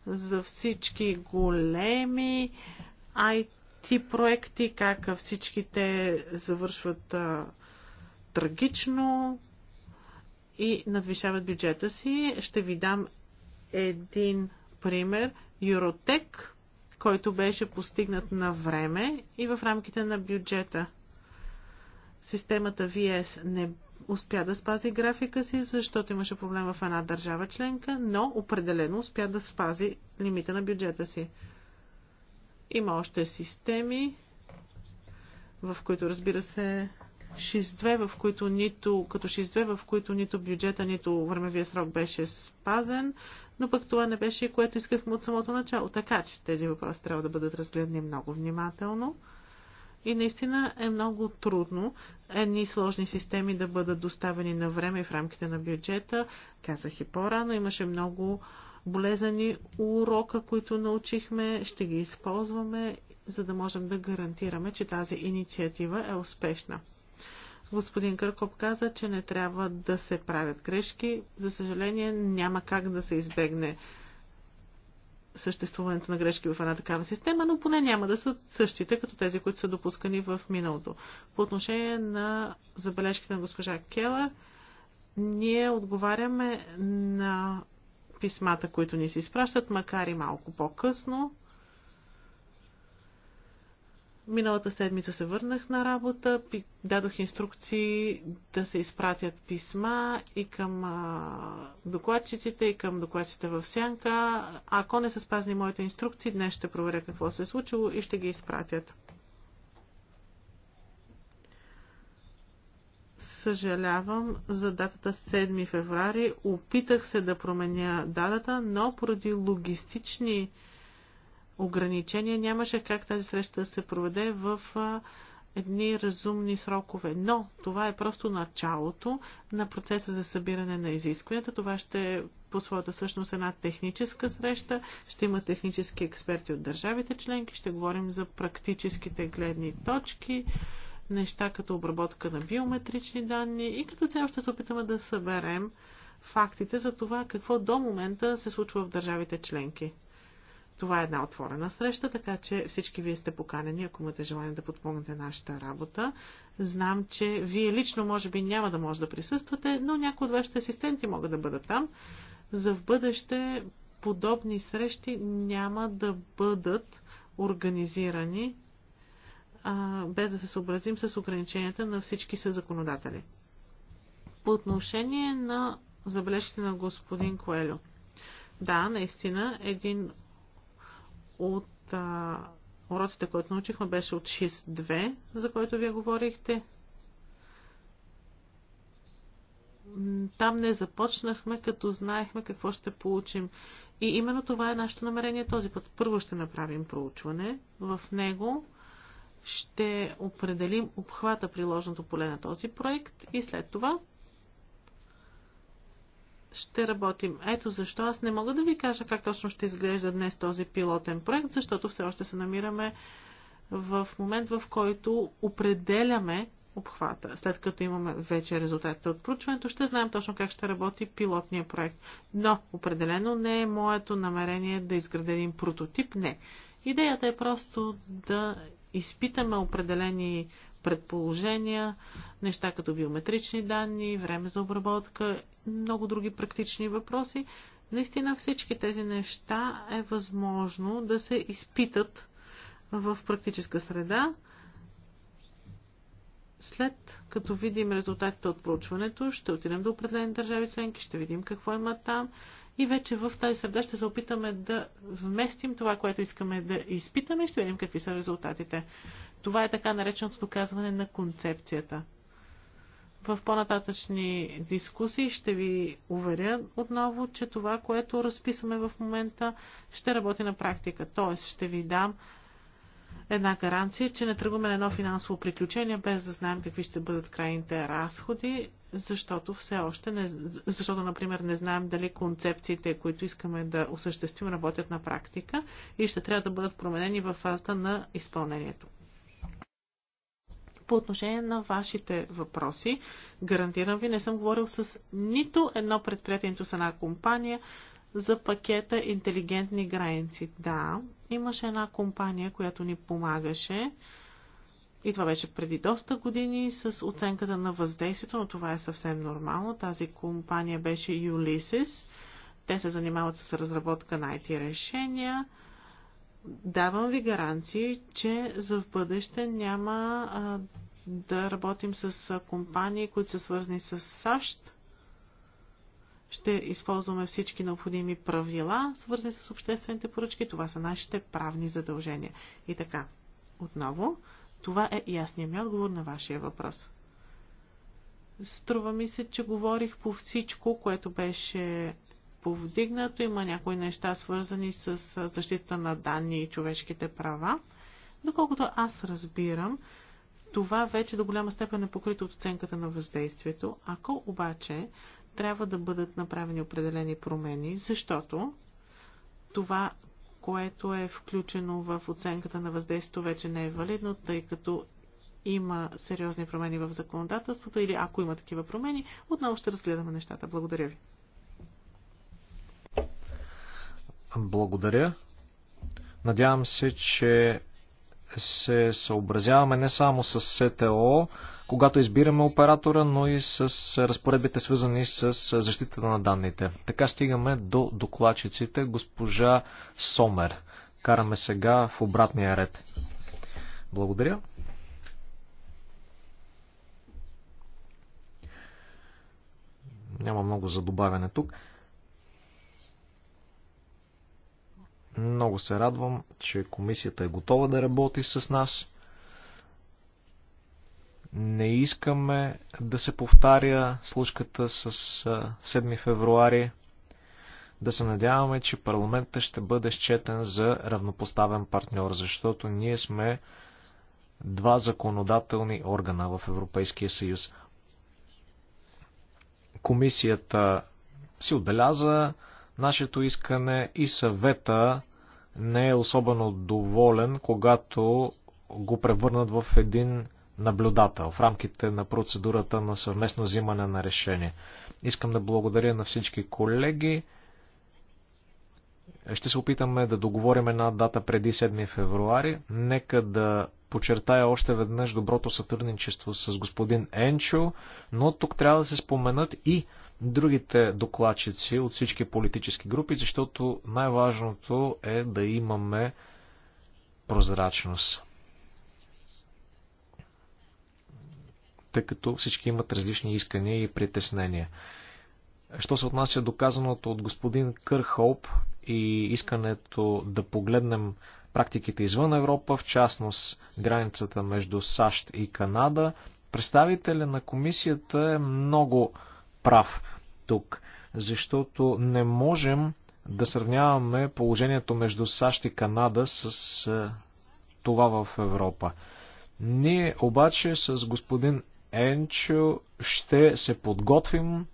за всички големи IT проекти, как всичките завършват а, трагично и надвишават бюджета си. Ще ви дам един пример Юротек, който беше постигнат на време и в рамките на бюджета. Системата VS не успя да спази графика си, защото имаше проблем в една държава членка, но определено успя да спази лимита на бюджета си. Има още системи, в които разбира се 6-2, в които нито, като 6-2, в които нито бюджета, нито времевия срок беше спазен но пък това не беше, което искахме от самото начало. Така че тези въпроси трябва да бъдат разгледани много внимателно. И наистина е много трудно едни сложни системи да бъдат доставени на време в рамките на бюджета. Казах и по-рано, имаше много болезани урока, които научихме, ще ги използваме, за да можем да гарантираме, че тази инициатива е успешна. Господин Къркоп каза, че не трябва да се правят грешки. За съжаление, няма как да се избегне съществуването на грешки в една такава система, но поне няма да са същите, като тези, които са допускани в миналото. По отношение на забележките на госпожа Кела, ние отговаряме на писмата, които ни се изпращат, макар и малко по-късно. Миналата седмица се върнах на работа, дадох инструкции да се изпратят писма и към докладчиците, и към докладчите в сянка. Ако не са спазни моите инструкции, днес ще проверя какво се е случило и ще ги изпратят. съжалявам за датата 7 феврари. Опитах се да променя датата, но поради логистични ограничения, нямаше как тази среща да се проведе в едни разумни срокове. Но това е просто началото на процеса за събиране на изискванията. Това ще е по своята същност една техническа среща. Ще има технически експерти от държавите членки. Ще говорим за практическите гледни точки, неща като обработка на биометрични данни и като цяло ще се опитаме да съберем фактите за това какво до момента се случва в държавите членки. Това е една отворена среща, така че всички вие сте поканени, ако имате желание да подпомогнете нашата работа. Знам, че вие лично може би няма да може да присъствате, но някои от вашите асистенти могат да бъдат там. За в бъдеще подобни срещи няма да бъдат организирани а, без да се съобразим с ограниченията на всички са законодатели. По отношение на забележките на господин Коелю. Да, наистина, един от а, уроците, които научихме, беше от 6-2, за който вие говорихте. Там не започнахме, като знаехме какво ще получим. И именно това е нашето намерение този път. Първо ще направим проучване. В него ще определим обхвата приложното поле на този проект и след това ще работим. Ето защо аз не мога да ви кажа как точно ще изглежда днес този пилотен проект, защото все още се намираме в момент, в който определяме обхвата. След като имаме вече резултатите от проучването, ще знаем точно как ще работи пилотния проект. Но определено не е моето намерение да изградя един прототип. Не. Идеята е просто да изпитаме определени предположения, неща като биометрични данни, време за обработка, много други практични въпроси. Наистина всички тези неща е възможно да се изпитат в практическа среда. След като видим резултатите от проучването, ще отидем до определени държави членки, ще видим какво има там и вече в тази среда ще се опитаме да вместим това, което искаме да изпитаме и ще видим какви са резултатите. Това е така нареченото доказване на концепцията. В по-нататъчни дискусии ще ви уверя отново, че това, което разписваме в момента, ще работи на практика. Тоест, ще ви дам една гаранция, че не тръгваме на едно финансово приключение, без да знаем какви ще бъдат крайните разходи, защото все още не, защото, например, не знаем дали концепциите, които искаме да осъществим, работят на практика и ще трябва да бъдат променени в фазата на изпълнението. По отношение на вашите въпроси, гарантирам ви, не съм говорил с нито едно предприятие, нито с една компания за пакета интелигентни граници. Да, имаше една компания, която ни помагаше. И това беше преди доста години с оценката на въздействието, но това е съвсем нормално. Тази компания беше Ulysses. Те се занимават с разработка на IT решения. Давам ви гаранции, че за в бъдеще няма а, да работим с компании, които са свързани с САЩ. Ще използваме всички необходими правила, свързани с обществените поръчки. Това са нашите правни задължения. И така, отново, това е ясният ми отговор на вашия въпрос. Струва ми се, че говорих по всичко, което беше повдигнато. Има някои неща свързани с защита на данни и човешките права. Доколкото аз разбирам, това вече до голяма степен е покрито от оценката на въздействието. Ако обаче трябва да бъдат направени определени промени, защото това, което е включено в оценката на въздействието, вече не е валидно, тъй като има сериозни промени в законодателството или ако има такива промени, отново ще разгледаме нещата. Благодаря ви. Благодаря. Надявам се, че се съобразяваме не само с СТО, когато избираме оператора, но и с разпоредбите свързани с защитата на данните. Така стигаме до докладчиците госпожа Сомер. Караме сега в обратния ред. Благодаря. Няма много за добавяне тук. Много се радвам, че комисията е готова да работи с нас. Не искаме да се повтаря случката с 7 февруари. Да се надяваме, че парламентът ще бъде счетен за равнопоставен партньор, защото ние сме два законодателни органа в Европейския съюз. Комисията си отбеляза Нашето искане и съвета не е особено доволен, когато го превърнат в един наблюдател в рамките на процедурата на съвместно взимане на решение. Искам да благодаря на всички колеги. Ще се опитаме да договорим една дата преди 7 февруари. Нека да подчертая още веднъж доброто сътрудничество с господин Енчо, но тук трябва да се споменат и другите докладчици от всички политически групи, защото най-важното е да имаме прозрачност. Тъй като всички имат различни искания и притеснения. Що се отнася до казаното от господин Кърхолп и искането да погледнем практиките извън Европа, в частност границата между САЩ и Канада, представителя на комисията е много прав тук, защото не можем да сравняваме положението между САЩ и Канада с е, това в Европа. Ние обаче с господин Енчо ще се подготвим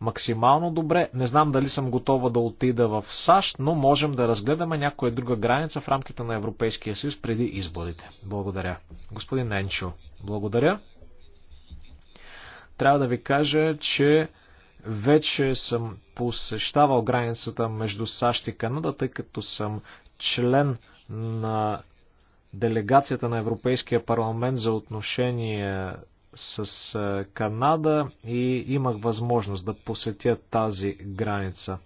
максимално добре. Не знам дали съм готова да отида в САЩ, но можем да разгледаме някоя друга граница в рамките на Европейския съюз преди изборите. Благодаря. Господин Енчо, благодаря. Трябва да ви кажа, че вече съм посещавал границата между САЩ и Канада, тъй като съм член на делегацията на Европейския парламент за отношение с Канада и имах възможност да посетя тази граница.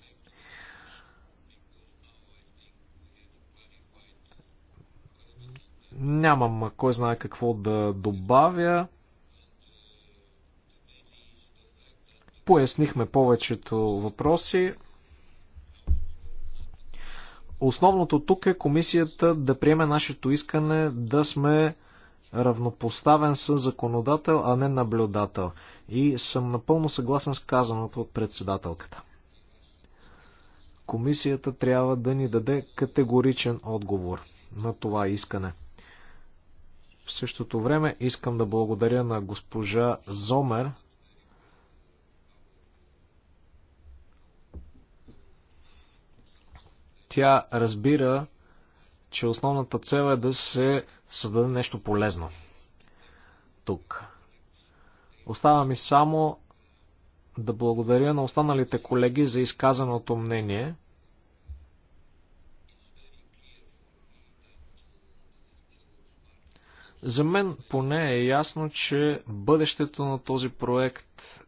Нямам кой знае какво да добавя. Пояснихме повечето въпроси. Основното тук е комисията да приеме нашето искане да сме равнопоставен с законодател, а не наблюдател. И съм напълно съгласен с казаното от председателката. Комисията трябва да ни даде категоричен отговор на това искане. В същото време искам да благодаря на госпожа Зомер Тя разбира, че основната цел е да се създаде нещо полезно. Тук. Остава ми само да благодаря на останалите колеги за изказаното мнение. За мен поне е ясно, че бъдещето на този проект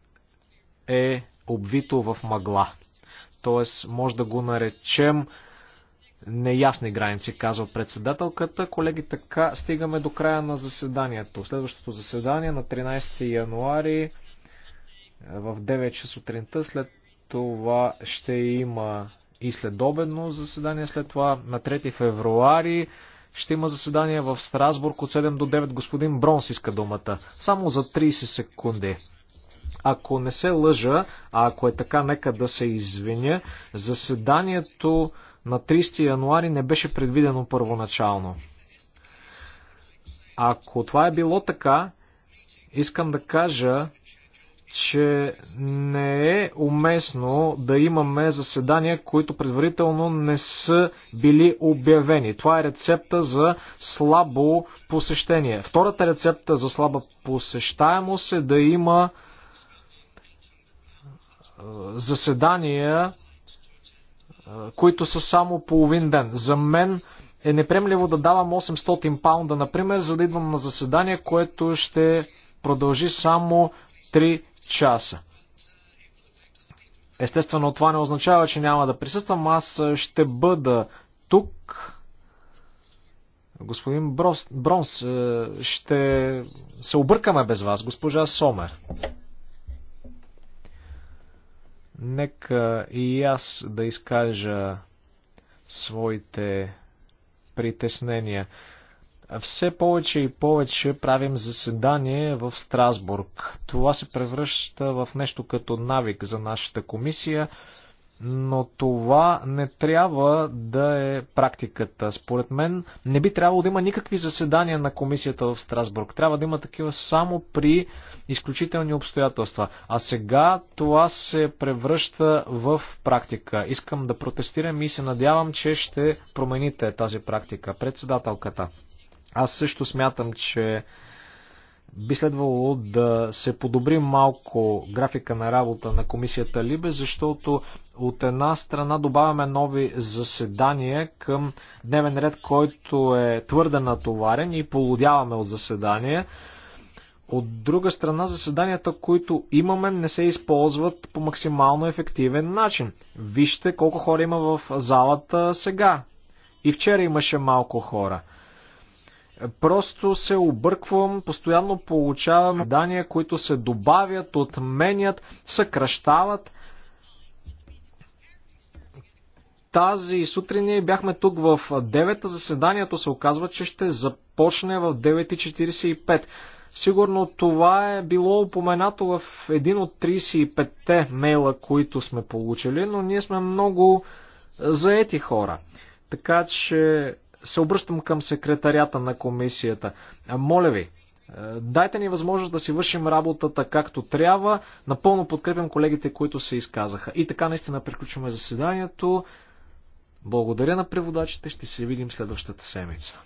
е обвито в мъгла. Тоест, може да го наречем неясни граници, казва председателката. Колеги, така стигаме до края на заседанието. Следващото заседание на 13 януари е, в 9 часа сутринта. След това ще има и следобедно заседание. След това на 3 февруари ще има заседание в Страсбург от 7 до 9. Господин Бронс иска думата. Само за 30 секунди. Ако не се лъжа, а ако е така, нека да се извиня, заседанието на 30 януари не беше предвидено първоначално. Ако това е било така, искам да кажа, че не е уместно да имаме заседания, които предварително не са били обявени. Това е рецепта за слабо посещение. Втората рецепта за слаба посещаемост е да има заседания които са само половин ден. За мен е неприемливо да давам 800 паунда, например, за да идвам на заседание, което ще продължи само 3 часа. Естествено, това не означава, че няма да присъствам. Аз ще бъда тук. Господин Бронс, ще се объркаме без вас, госпожа Сомер. Нека и аз да изкажа своите притеснения. Все повече и повече правим заседание в Страсбург. Това се превръща в нещо като навик за нашата комисия но това не трябва да е практиката. Според мен не би трябвало да има никакви заседания на комисията в Страсбург. Трябва да има такива само при изключителни обстоятелства. А сега това се превръща в практика. Искам да протестирам и се надявам, че ще промените тази практика. Председателката. Аз също смятам, че би следвало да се подобри малко графика на работа на комисията Либе, защото от една страна добавяме нови заседания към дневен ред, който е твърде натоварен и полудяваме от заседания. От друга страна, заседанията, които имаме, не се използват по максимално ефективен начин. Вижте колко хора има в залата сега. И вчера имаше малко хора. Просто се обърквам, постоянно получавам дания, които се добавят, отменят, съкръщават. Тази сутрин ние бяхме тук в 9, заседанието се оказва, че ще започне в 9.45. Сигурно това е било упоменато в един от 35-те мейла, които сме получили, но ние сме много заети хора. Така че се обръщам към секретарята на комисията. Моля ви, е, дайте ни възможност да си вършим работата както трябва. Напълно подкрепям колегите, които се изказаха. И така наистина приключваме заседанието. Благодаря на преводачите. Ще се видим следващата седмица.